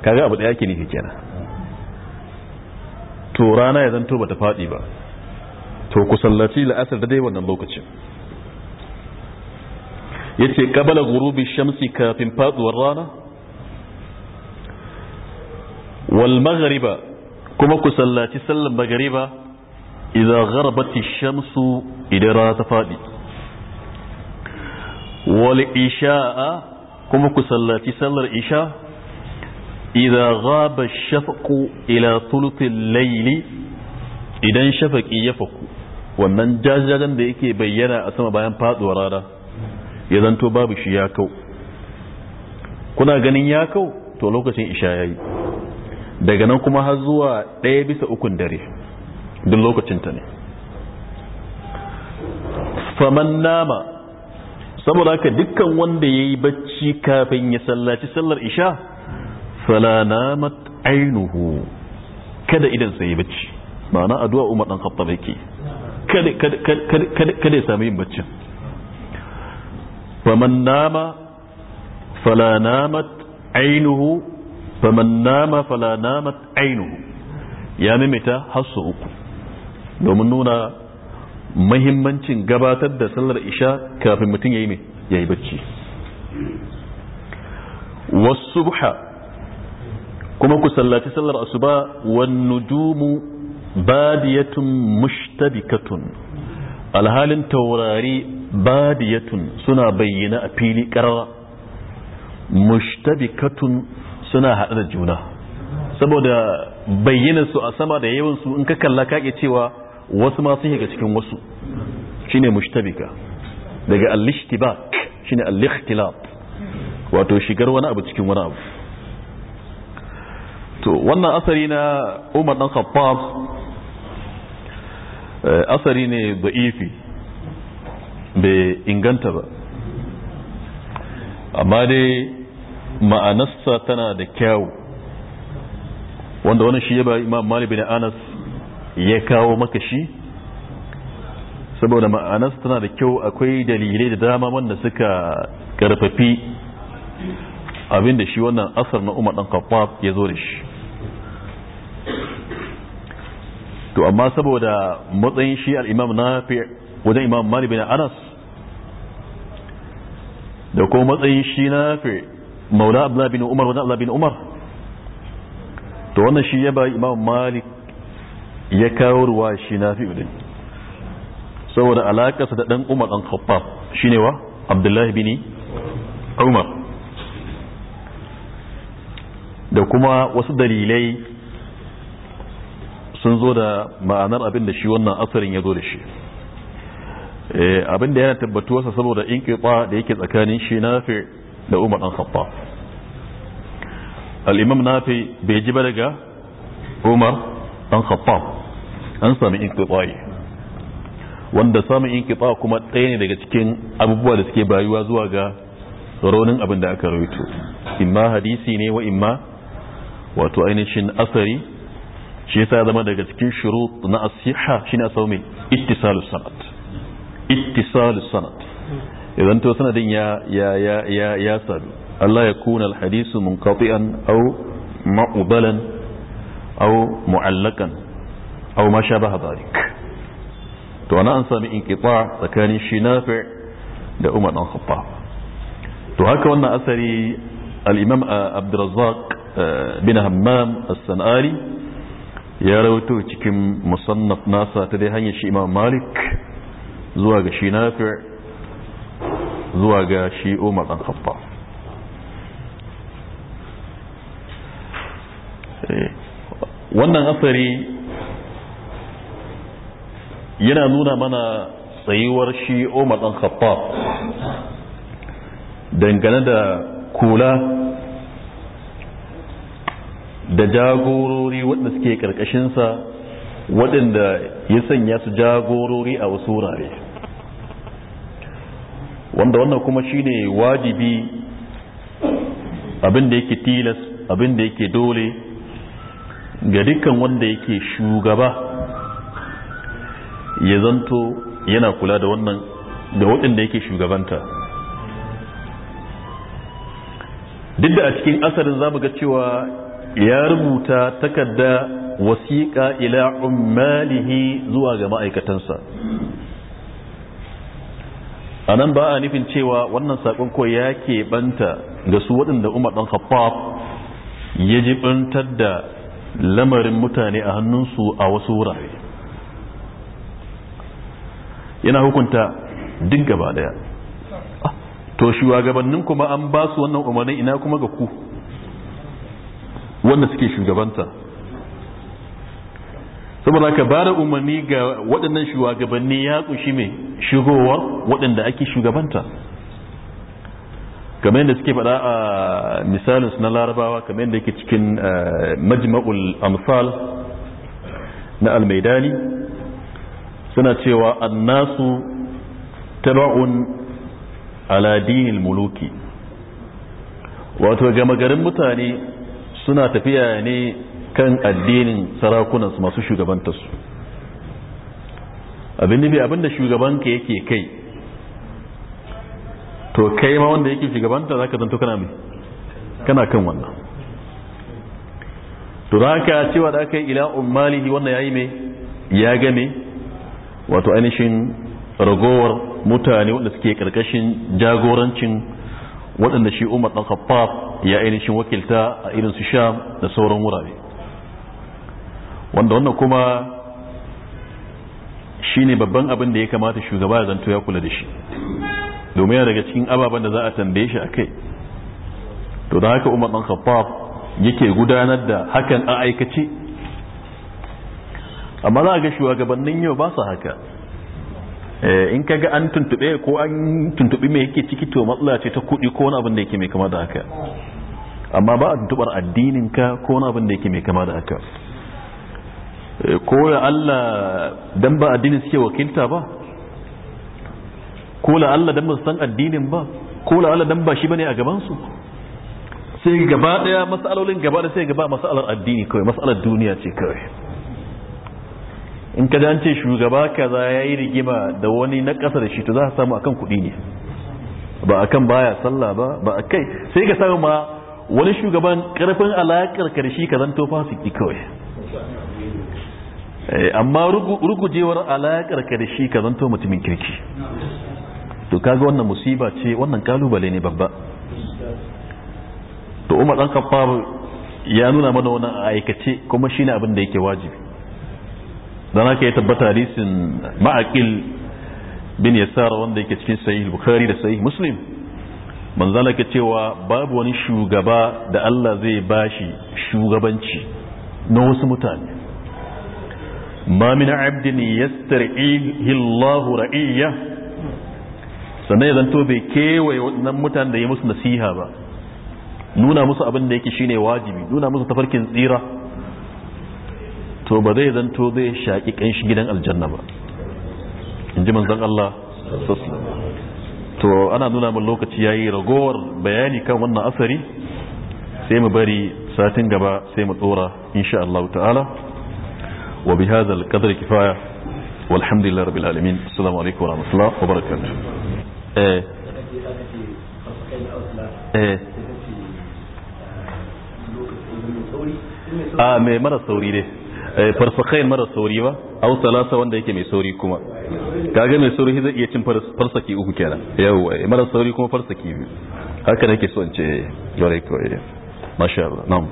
[SPEAKER 1] kaga abu daya ke nufi kenan to rana ya zanto bata faɗi ba to ku sallaci la'asar da dai wannan lokacin ce qabala gurubin shamsi kafin faɗuwar rana wal maghriba kuma ku sallaci sallar maghriba idza shamsu idan rana ta faɗi wal isha'a kuma ku sallaci sallar isha idza ghaba shafaqu ila thuluthil laili idan shafaƙi ya faku wannan jajajen da yake bayyana a sama bayan faduwar rana ya zanto babu shi ya kau kuna ganin ya kau to lokacin isha yayi daga nan kuma har zuwa ɗaya bisa ukun dare duk lokacinta ne faman nama saboda haka dukkan wanda ya yi bacci kafin ya sallaci sallar isha fala namat ainuhu kada idan sai bacci ma'ana addu'a Umar dan Khattab yake kada kada kada kada, ya samu yin bacci. faman nama fala namat ainuhu faman nama fala namat ainuhu ya mimita hasu uku domin nuna mahimmancin gabatar da sallar isha kafin mutum ya yi bacci wasu buha kuma ku sallaci sallar asuba wan nujumu badiyatun mushtabikatun alhalin taurari badiyatun suna bayyana a fili karara mushtabikatun suna haɗe da juna saboda bayyana su a sama da yawan su in ka kalla kake cewa wasu ma sun shiga cikin wasu shine mushtabika daga al-ishtibak shine al-ikhtilaf wato shigar wani abu cikin wani abu to wannan asari na umar dan khattab eh, asari ne da'ifi bai inganta ba amma dai ma'anarsa tana da kyau. wanda wani shi ya ba imam malibu na anas ya kawo maka shi saboda ma'anarsa tana da kyau akwai dalilai da dama wanda suka karfafi abinda shi wannan asar na umar ɗan khattab ya zo da shi to amma saboda matsayin shi al na nafi wajen imam malik bin anas da kuma matsayin shi nafi maula abdullah bin umar wajen abdullah bin umar to wannan shi ya ba imam malik ya kawo ruwa shi na fi din saboda alakarsa da dan umar dan khattab shine wa abdullahi bin umar da kuma wasu dalilai sun zo da ma'anar abin da shi wannan asarin ya zo da shi eh, abin da yana tabbatuwarsa saboda in da yake tsakanin shi nafi da umar dan khatta al-imam nafi bai ji ba daga umar dan khatta an sami in wanda samun in kuma ɗaya ne daga cikin abubuwa da suke bayuwa zuwa ga raunin abin da aka rawaito imma hadisi ne wa imma wato ainihin asari shi yasa zama daga cikin shurut na asiha shi ne a sau mai ittisalu sanat ittisalu sanat idan to sanadin ya ya ya ya ya sadu Allah ya kuna alhadisu mun munqati'an aw ma'udalan aw mu'allakan aw ma shabaha dhalik to ana an sami inqita tsakanin shi nafi' da Umar dan Khattab to haka wannan asari al-Imam Abdurrazzaq bin Hammam as-San'ari ya rawato cikin musannaf nasa ta dai hanyar shi imam malik zuwa ga shi zuwa ga shi umar dan eh, wannan asari yana nuna mana tsayuwar shi umar dan dangane da kula da jagorori waɗanda suke ƙarƙashinsa waɗanda ya sanya su jagorori a wasu wurare wanda wannan kuma shine wajibi abin da yake tilas abin da yake dole ga dukkan wanda yake shugaba ya zanto yana kula da wannan da waɗanda yake shugabanta duk da a cikin asarin zamu ga cewa ya rubuta takarda wasiƙa ila ummalihi zuwa ga ma'aikatansa a nan ba a nufin cewa wannan saƙon ko ya keɓanta ga su waɗanda umar ɗan khattab ya jiɓantar da lamarin mutane a hannunsu a wasu wurare yana hukunta duk gaba ɗaya to shugabannin kuma an ba su wannan umarnin ina kuma ga ku wanda suke shugabanta saboda ka bada umarni ga waɗannan shugabanni ya ƙunshi mai shigowa waɗanda ake shugabanta kamar da suke faɗa a misalin na larabawa kamar da yake cikin eh, majma'ul amsal na almaidani suna cewa annasu taba'un ala dinil muluki wato gama garin mutane suna tafiya ne kan addinin sarakunansu masu shugabantarsu abin nufi abin da shugabanka yake kai to kai ma wanda yake shugabanta za ka zanto kana mai kana kan wannan to za ka cewa da aka yi ila ummalihi wannan ya yi mai ya game wato ainihin ragowar mutane wanda suke karkashin jagorancin waɗanda shi umar ɗan khaffaf ya ainihin wakilta a irin su sham da sauran wurare wanda wannan kuma shine babban abin da ya kamata shugaba ya zanto ya kula da shi domin daga cikin ababen da za a tambaye shi a kai to da haka umar ɗan khaffaf yake gudanar da hakan a aikace amma za a ga shugabannin yau ba su haka Eh, in ka ga an tuntube ko an tuntubi mai yake ciki to matsala ce ta kuɗi ko wani abin da yake mai kama da haka amma ba a tuntubar addinin ka ko wani abin da yake mai kama da haka eh, ko ya Allah dan ba addinin suke wakilta ba ko la Allah dan ba san addinin ba ko la Allah dan ba shi bane a gaban su sai gaba daya masalolin gaba da sai gaba masalar addini kawai masalar duniya ce kawai in ka ce shugaba kaza ya yi rigima da wani na ƙasa da shi to za ka samu akan kuɗi ne ba akan baya sallah ba ba kai sai ka samu ma wani shugaban karfin alaƙar karshe ka zanto fasiki kawai eh, amma rugujewar alaƙar karshe ka zanto mutumin kirki to kaga wannan musiba ce wannan kalubale ne babba to umar dan kafa ya nuna mana wannan aikace kuma shine abin da yake wajibi dan haka ya tabbata hadisin ma'aqil bin yasar wanda yake cikin sahih bukhari da sahih muslim manzo ke cewa babu wani shugaba da Allah zai bashi shugabanci na wasu mutane ma min abdin yastar'ihi Allah ra'iyya sannan ya to bai kewaye waɗannan mutanen da ya musu nasiha ba nuna musu abin da yake shine wajibi nuna musu tafarkin tsira to ba zai zanto zai shaƙi ƙanshi gidan aljanna ba in ji manzan Allah to ana nuna min lokaci ya yi ragowar bayani kan wannan asari sai mu bari satin gaba sai mu tsora insha Allah ta'ala wa bi hadha al kifaya walhamdulillah rabbil alamin assalamu alaikum wa rahmatullah wa barakatuh eh eh a ah, mai mara sauri dai Eh, farsakai mara sauri ba au salasa wanda yake mai sauri kuma kaga mai sauri zai iya cin farsaki uku kenan yawa eh, mara sauri kuma farsaki biyu haka nake so in ce yare eh, kawai eh masha Allah Na mu.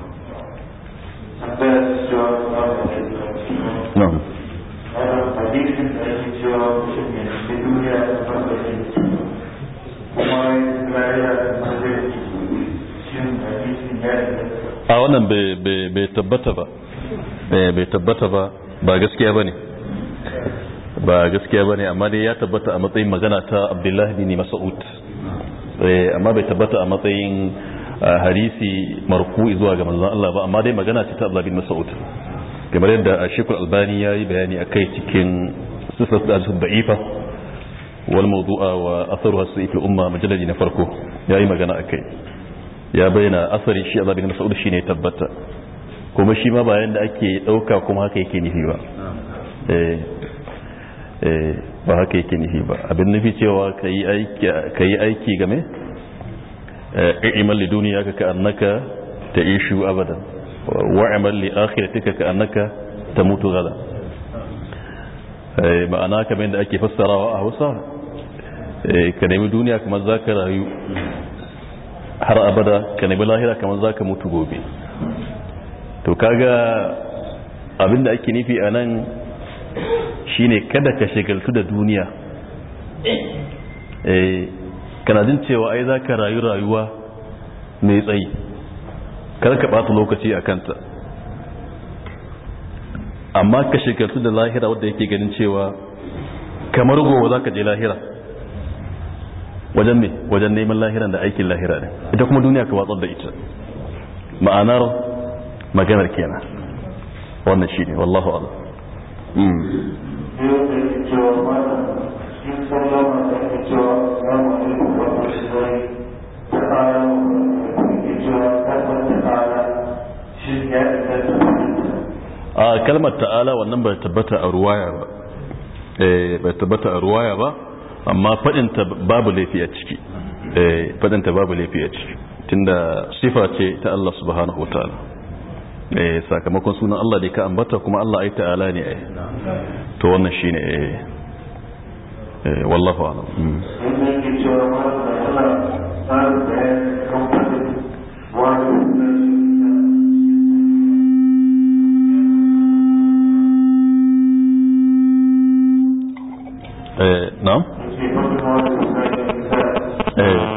[SPEAKER 1] a wannan bai tabbata ba Eh, bai tabbata ba ba gaskiya bane ba gaskiya bane amma dai ya tabbata a matsayin magana ta abdullahi bin mas'ud eh, amma bai tabbata a matsayin eh, harisi marku zuwa ga manzon Allah ba amma dai magana ce ta abdullahi bin mas'ud kamar yadda a shekul albani ya yi bayani a kai cikin sifar da da'ifa wal mawdu'a wa atharu hasifil umma majalali na farko ya yi magana a kai ya bayyana asari shi abdullahi bin mas'ud shine tabbata kuma shi ma bayan da ake ɗauka kuma haka yake nufi ba eh, eh, ba haka yake nufi ba abin nufi cewa ka yi aiki game eh, i'mal li duniya ka annaka ta ishu abadan wa'amal li akhiratika ka annaka ta mutu gada ma'ana kamar da ake fassarawa a hausa ka nemi duniya kamar za ka rayu har abada ka nemi lahira kamar za ka mutu gobe to kaga da ake nufi a nan shi ne kada ka shekaltu da duniya eh, kana jin cewa ai za ka rayu rayuwa mai tsayi kar ka ɓata lokaci a kanta amma ka shekaltu da lahira wadda yake ganin cewa kamar gowa za ka je lahira wajen ne wajen neman lahiran da aikin lahira ne ita kuma duniya ka watsar da ita ma'anar maganar kenan wannan shi ne wallahu ala hmm. a kalmar ta'ala wannan bai tabbata a ruwaya ba eh, bai tabbata a ruwaya ba amma fadinta babu laifi a ciki eh, fadinta babu laifi a ciki tunda sifa ce ta Allah subhanahu wa ta'ala eh sakamakon sunan Allah da ka ambata kuma Allah ai ta'ala ne eh to wannan shine eh, eh wallahi wa alam mm.
[SPEAKER 2] eh na'am eh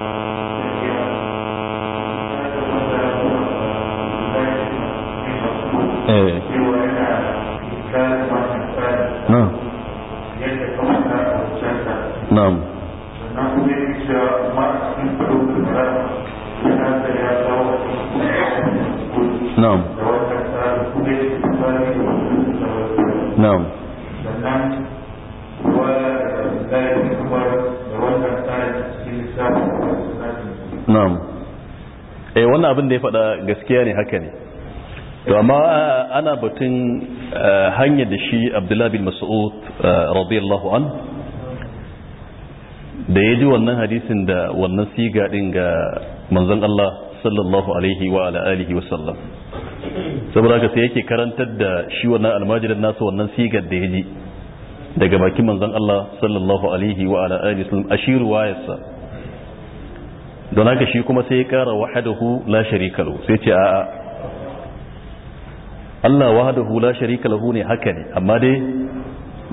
[SPEAKER 1] wannan abin da ya faɗa gaskiya ne haka ne to amma ana batun hanyar da shi abdullahi bin mas'ud radiyallahu an da ya ji wannan hadisin da wannan siga din ga manzon Allah sallallahu alaihi wa ala alihi wa sallam saboda ka sai yake karantar da shi wannan almajirin nasu wannan sigar da ya ji daga bakin manzon Allah sallallahu alaihi wa ala alihi wa sallam ashiru wayarsa don haka shi kuma sai ya kara wahadahu la sharika lahu sai ce a'a Allah wahadahu la sharika lahu ne haka ne amma dai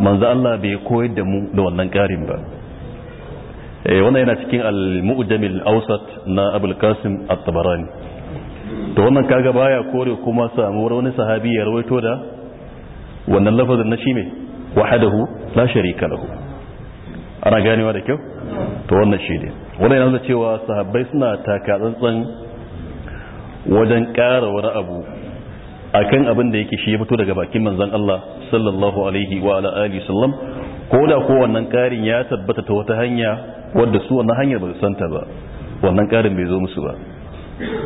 [SPEAKER 1] manzo Allah bai koyar da mu da wannan karin ba eh wannan yana cikin al-mu'jamil awsat na Abul Qasim at-Tabarani to wannan kaga baya kore kuma samu wani sahabi ya rawaito da wannan lafazin na shi ne wahadahu la sharika lahu ana ganewa da kyau to wannan shi ne wannan yana cewa sahabbai suna taka tsantsan wajen ƙara wani abu akan abin da yake shi ya fito daga bakin manzan Allah sallallahu alaihi wa ala alihi sallam ko da ko wannan ƙarin ya tabbata ta wata hanya wadda su wannan hanyar ba su santa ba wannan ƙarin bai zo musu ba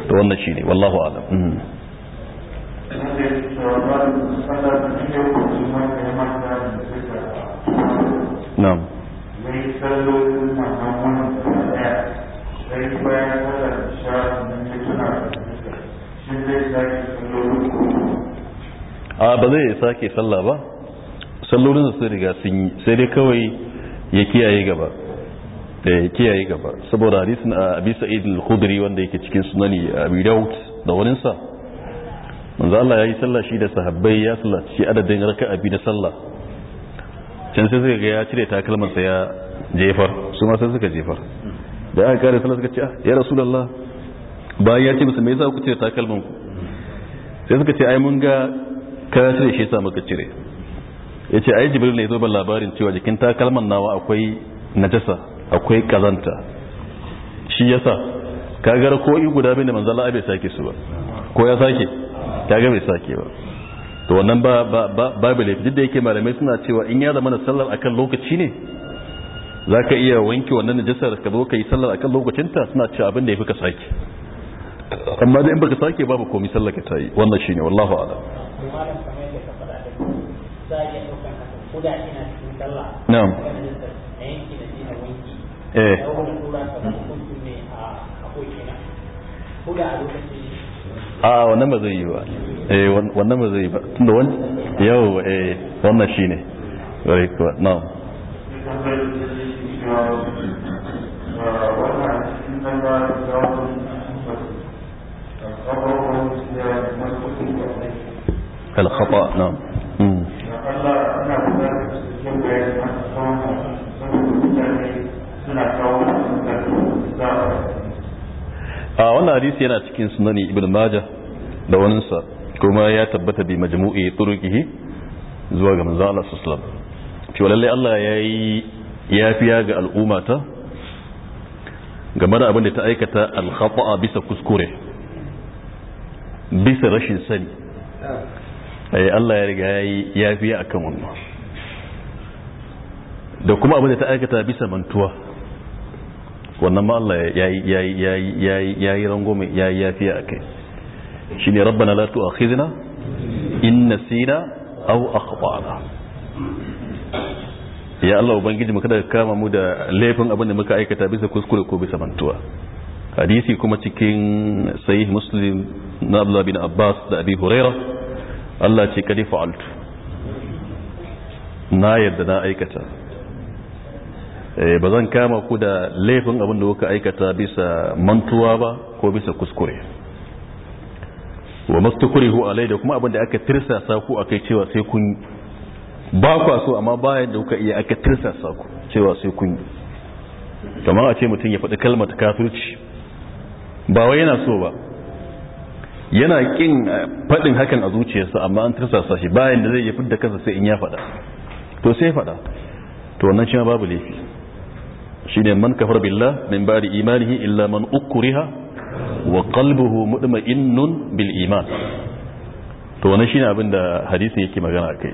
[SPEAKER 1] to wannan shi ne wallahu alam mm-hmm.
[SPEAKER 2] na'am sallolin wannan ɗaya sai bayan nan ya shi sake sallolin
[SPEAKER 1] a ba zai sake sallah ba sallolin su riga sun yi sai dai kawai ya kiyaye gaba da ya kiyaye gaba saboda hadisin a abi sa'id al-khudri wanda yake cikin sunani abi daud da wani sa manzo Allah yayi sallah shi da sahabbai ya sallaci adadin raka'a bi da sallah can sai zai ga ya cire takalmansa ya jefar su ma sai suka jefar da aka kare sallah suka ce ah, ya rasulullah bayan ya ce musu me yasa ku cire takalman ku sai suka ce ai mun ga ka cire shi yasa muka cire yace ai jibril ne zo ban labarin cewa jikin takalman nawa akwai najasa akwai kazanta shi yasa ka gara ko in guda bin da manzo Allah bai sake su ba ko ya sake ta ga bai sake ba to wannan ba ba ba laifi duk da yake malamai suna cewa in ya zama da sallar akan lokaci ne za ka iya wanke wannan najasar ka zo ka yi sallar akan lokacinta suna ci abin da ya fi ka sake amma da in baka sake babu komi sallar ka ta yi wannan shine wallahu ala
[SPEAKER 2] na'am eh
[SPEAKER 1] a wannan ba zai yi ba eh wannan ba zai yi ba tunda wani yau eh wannan shine bare na'am الخطأ نعم a wannan hadisi yana cikin sunani ibn majah da waninsa kuma ya tabbata bi majmu'i turuqihi zuwa ga manzo Allah sallallahu alaihi wasallam cewa lalle Allah yayi yafiya ga al'ummata game da abin da ta aikata alkhata'a bisa kuskure bisa rashin sani ai eh, Allah ya riga yayi yafiya akan wannan da kuma abin da ta aikata bisa mantuwa wannan ma Allah yayi yayi yayi yayi rangome yayi yafiya akai shine rabbana la tu'akhidna in nasina aw akhtana ya Allah ubangiji mu kada kama mu da laifin abin da muka aikata bisa kuskure ko bisa mantuwa hadisi kuma cikin sahih muslim na Abdullah bin Abbas da Abi Huraira Allah ce kadi fa'altu na yadda na aikata eh, ba zan kama ku da laifin abin da kuka aikata bisa mantuwa ba ko bisa kuskure wa mastukurihu alai da kuma abin da aka tirsasa ku akai cewa sai kun ba kwa so amma bayan da kuka iya aka tirsasa ku cewa sai kun yi kamar a ce mutum ya faɗi kalmar kafirci ba wai yana so ba yana kin eh, faɗin hakan a zuciyarsa amma an tirsasa shi bayan da zai yi fidda kansa sai in ya faɗa to sai faɗa to wannan shi babu laifi ne man kafar billah min imanihi illa man ukriha wa qalbuhu innun bil iman to wannan shine abin da hadisi yake magana a kai.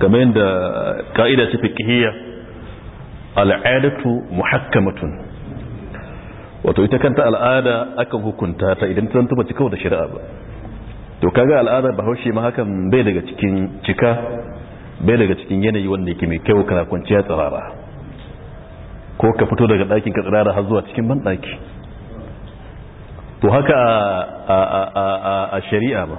[SPEAKER 1] kamar yadda ka'ida ta fiqhiyya al'adatu muhakkamatun wato ita kanta al'ada akan hukunta ta idan ta zanta bace da shari'a ba to kaga al'ada bahaushe ma hakan bai daga cikin cika bai daga cikin yanayi wanda yake mai kyau kana kwanciya tsirara ko ka fito daga ɗakin ka tsirara har zuwa cikin banɗaki to haka a shari'a ba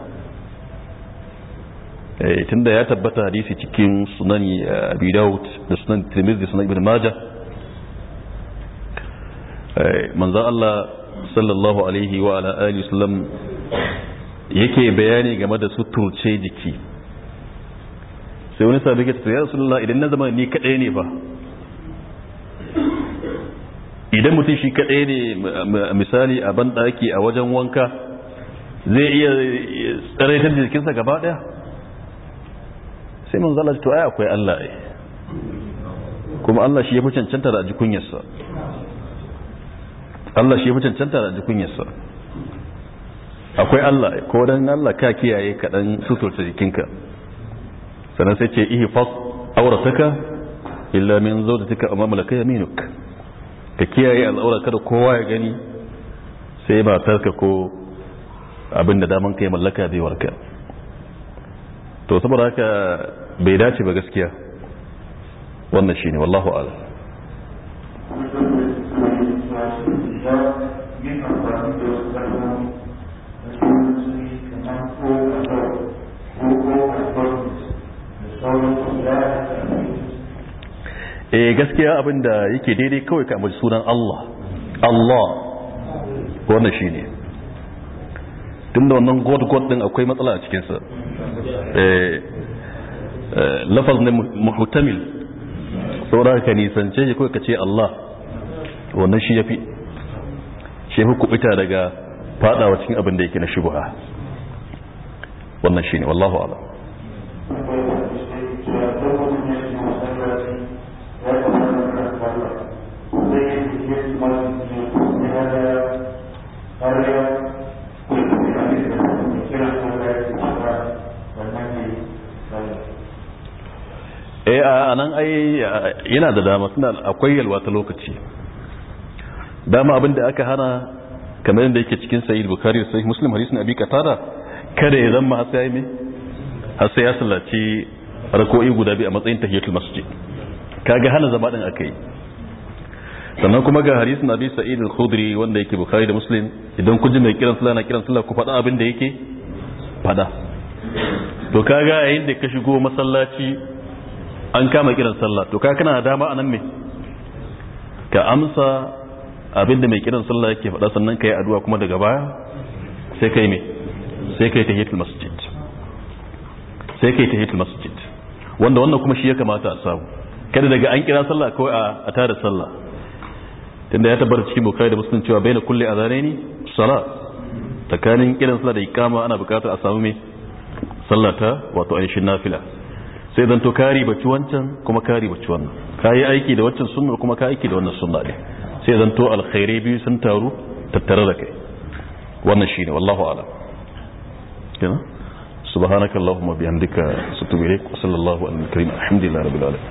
[SPEAKER 1] Eh, tunda ya tabbata hadisi cikin sunani eh, abi daud da sunan tirmidhi sunan ibn majah eh, manzo Allah sallallahu alaihi wa ala alihi wasallam yake bayani game da suturce jiki sai wani sahabi ya ta ya rasulullah idan na zama ni kadai ne ba idan mutum shi kadai ne misali a banɗaki a wajen wanka zai iya tsaraitar jikinsa gaba daya sai mun Allah to ai akwai Allah ai kuma Allah shi ya fi cancanta da jikunyarsa Allah shi ya fi cancanta da jikunyarsa akwai Allah ko dan Allah ka kiyaye ka dan suturta jikinka sannan sai ce ihi fas aurataka illa min zawjatika amma malaka yaminuk ka kiyaye al'aura kada kowa ya gani sai matarka ko abin da daman kai mallaka bai warka to saboda haka bai dace ba gaskiya wannan shine wallahu ala e eh, gaskiya abin da yake daidai kawai ka amince sunan Allah Allah wannan shi Tun tunda wannan god god din akwai matsala a cikinsa eh. lafaz ne muhtamil sura ka nisance shi ko ka ce Allah wannan shi yafi shi ya fi kubuta daga fadawa cikin abin da yake na shubuha wannan shine wallahu a'lam ai yana da dama suna akwai yalwa ta lokaci dama abin da aka hana kamar yadda yake cikin sahih bukhari da sahih muslim hadisin abi qatada kada ya zama har sai mai har sai ya sallaci rako'i guda biyu a matsayin tahiyatul masjid kaga hana zama din akai sannan kuma ga hadisin abi sa'id al-khudri wanda yake bukhari da muslim idan kun ji mai kiran sallah na kiran sallah ku faɗa abin da yake faɗa to kaga yayin da ka shigo masallaci an kama kiran sallah to ka kana da dama anan me ka amsa abinda mai kiran sallah yake faɗa sannan ka yi addu'a kuma daga baya sai kai me sai kai tahiyatul masjid sai kai tahiyatul masjid wanda wannan kuma shi ya kamata a samu kada daga an kira sallah ko a tare sallah tunda ya tabbata cikin bukari da muslim cewa baina kulli azanaini sala tsakanin kiran sallah da ikama ana bukatar a samu me sallah ta wato ayyushin nafila sai zanto kari baci wancan kuma kari baci wannan ka yi aiki da wancan sunna kuma ka aiki da wannan sunna ne sai zanto alkhairai biyu sun taru tattare da kai wannan shine wallahu ala
[SPEAKER 2] subhanakallahumma bihamdika wa sallallahu alaihi wa sallam alhamdulillahi rabbil alamin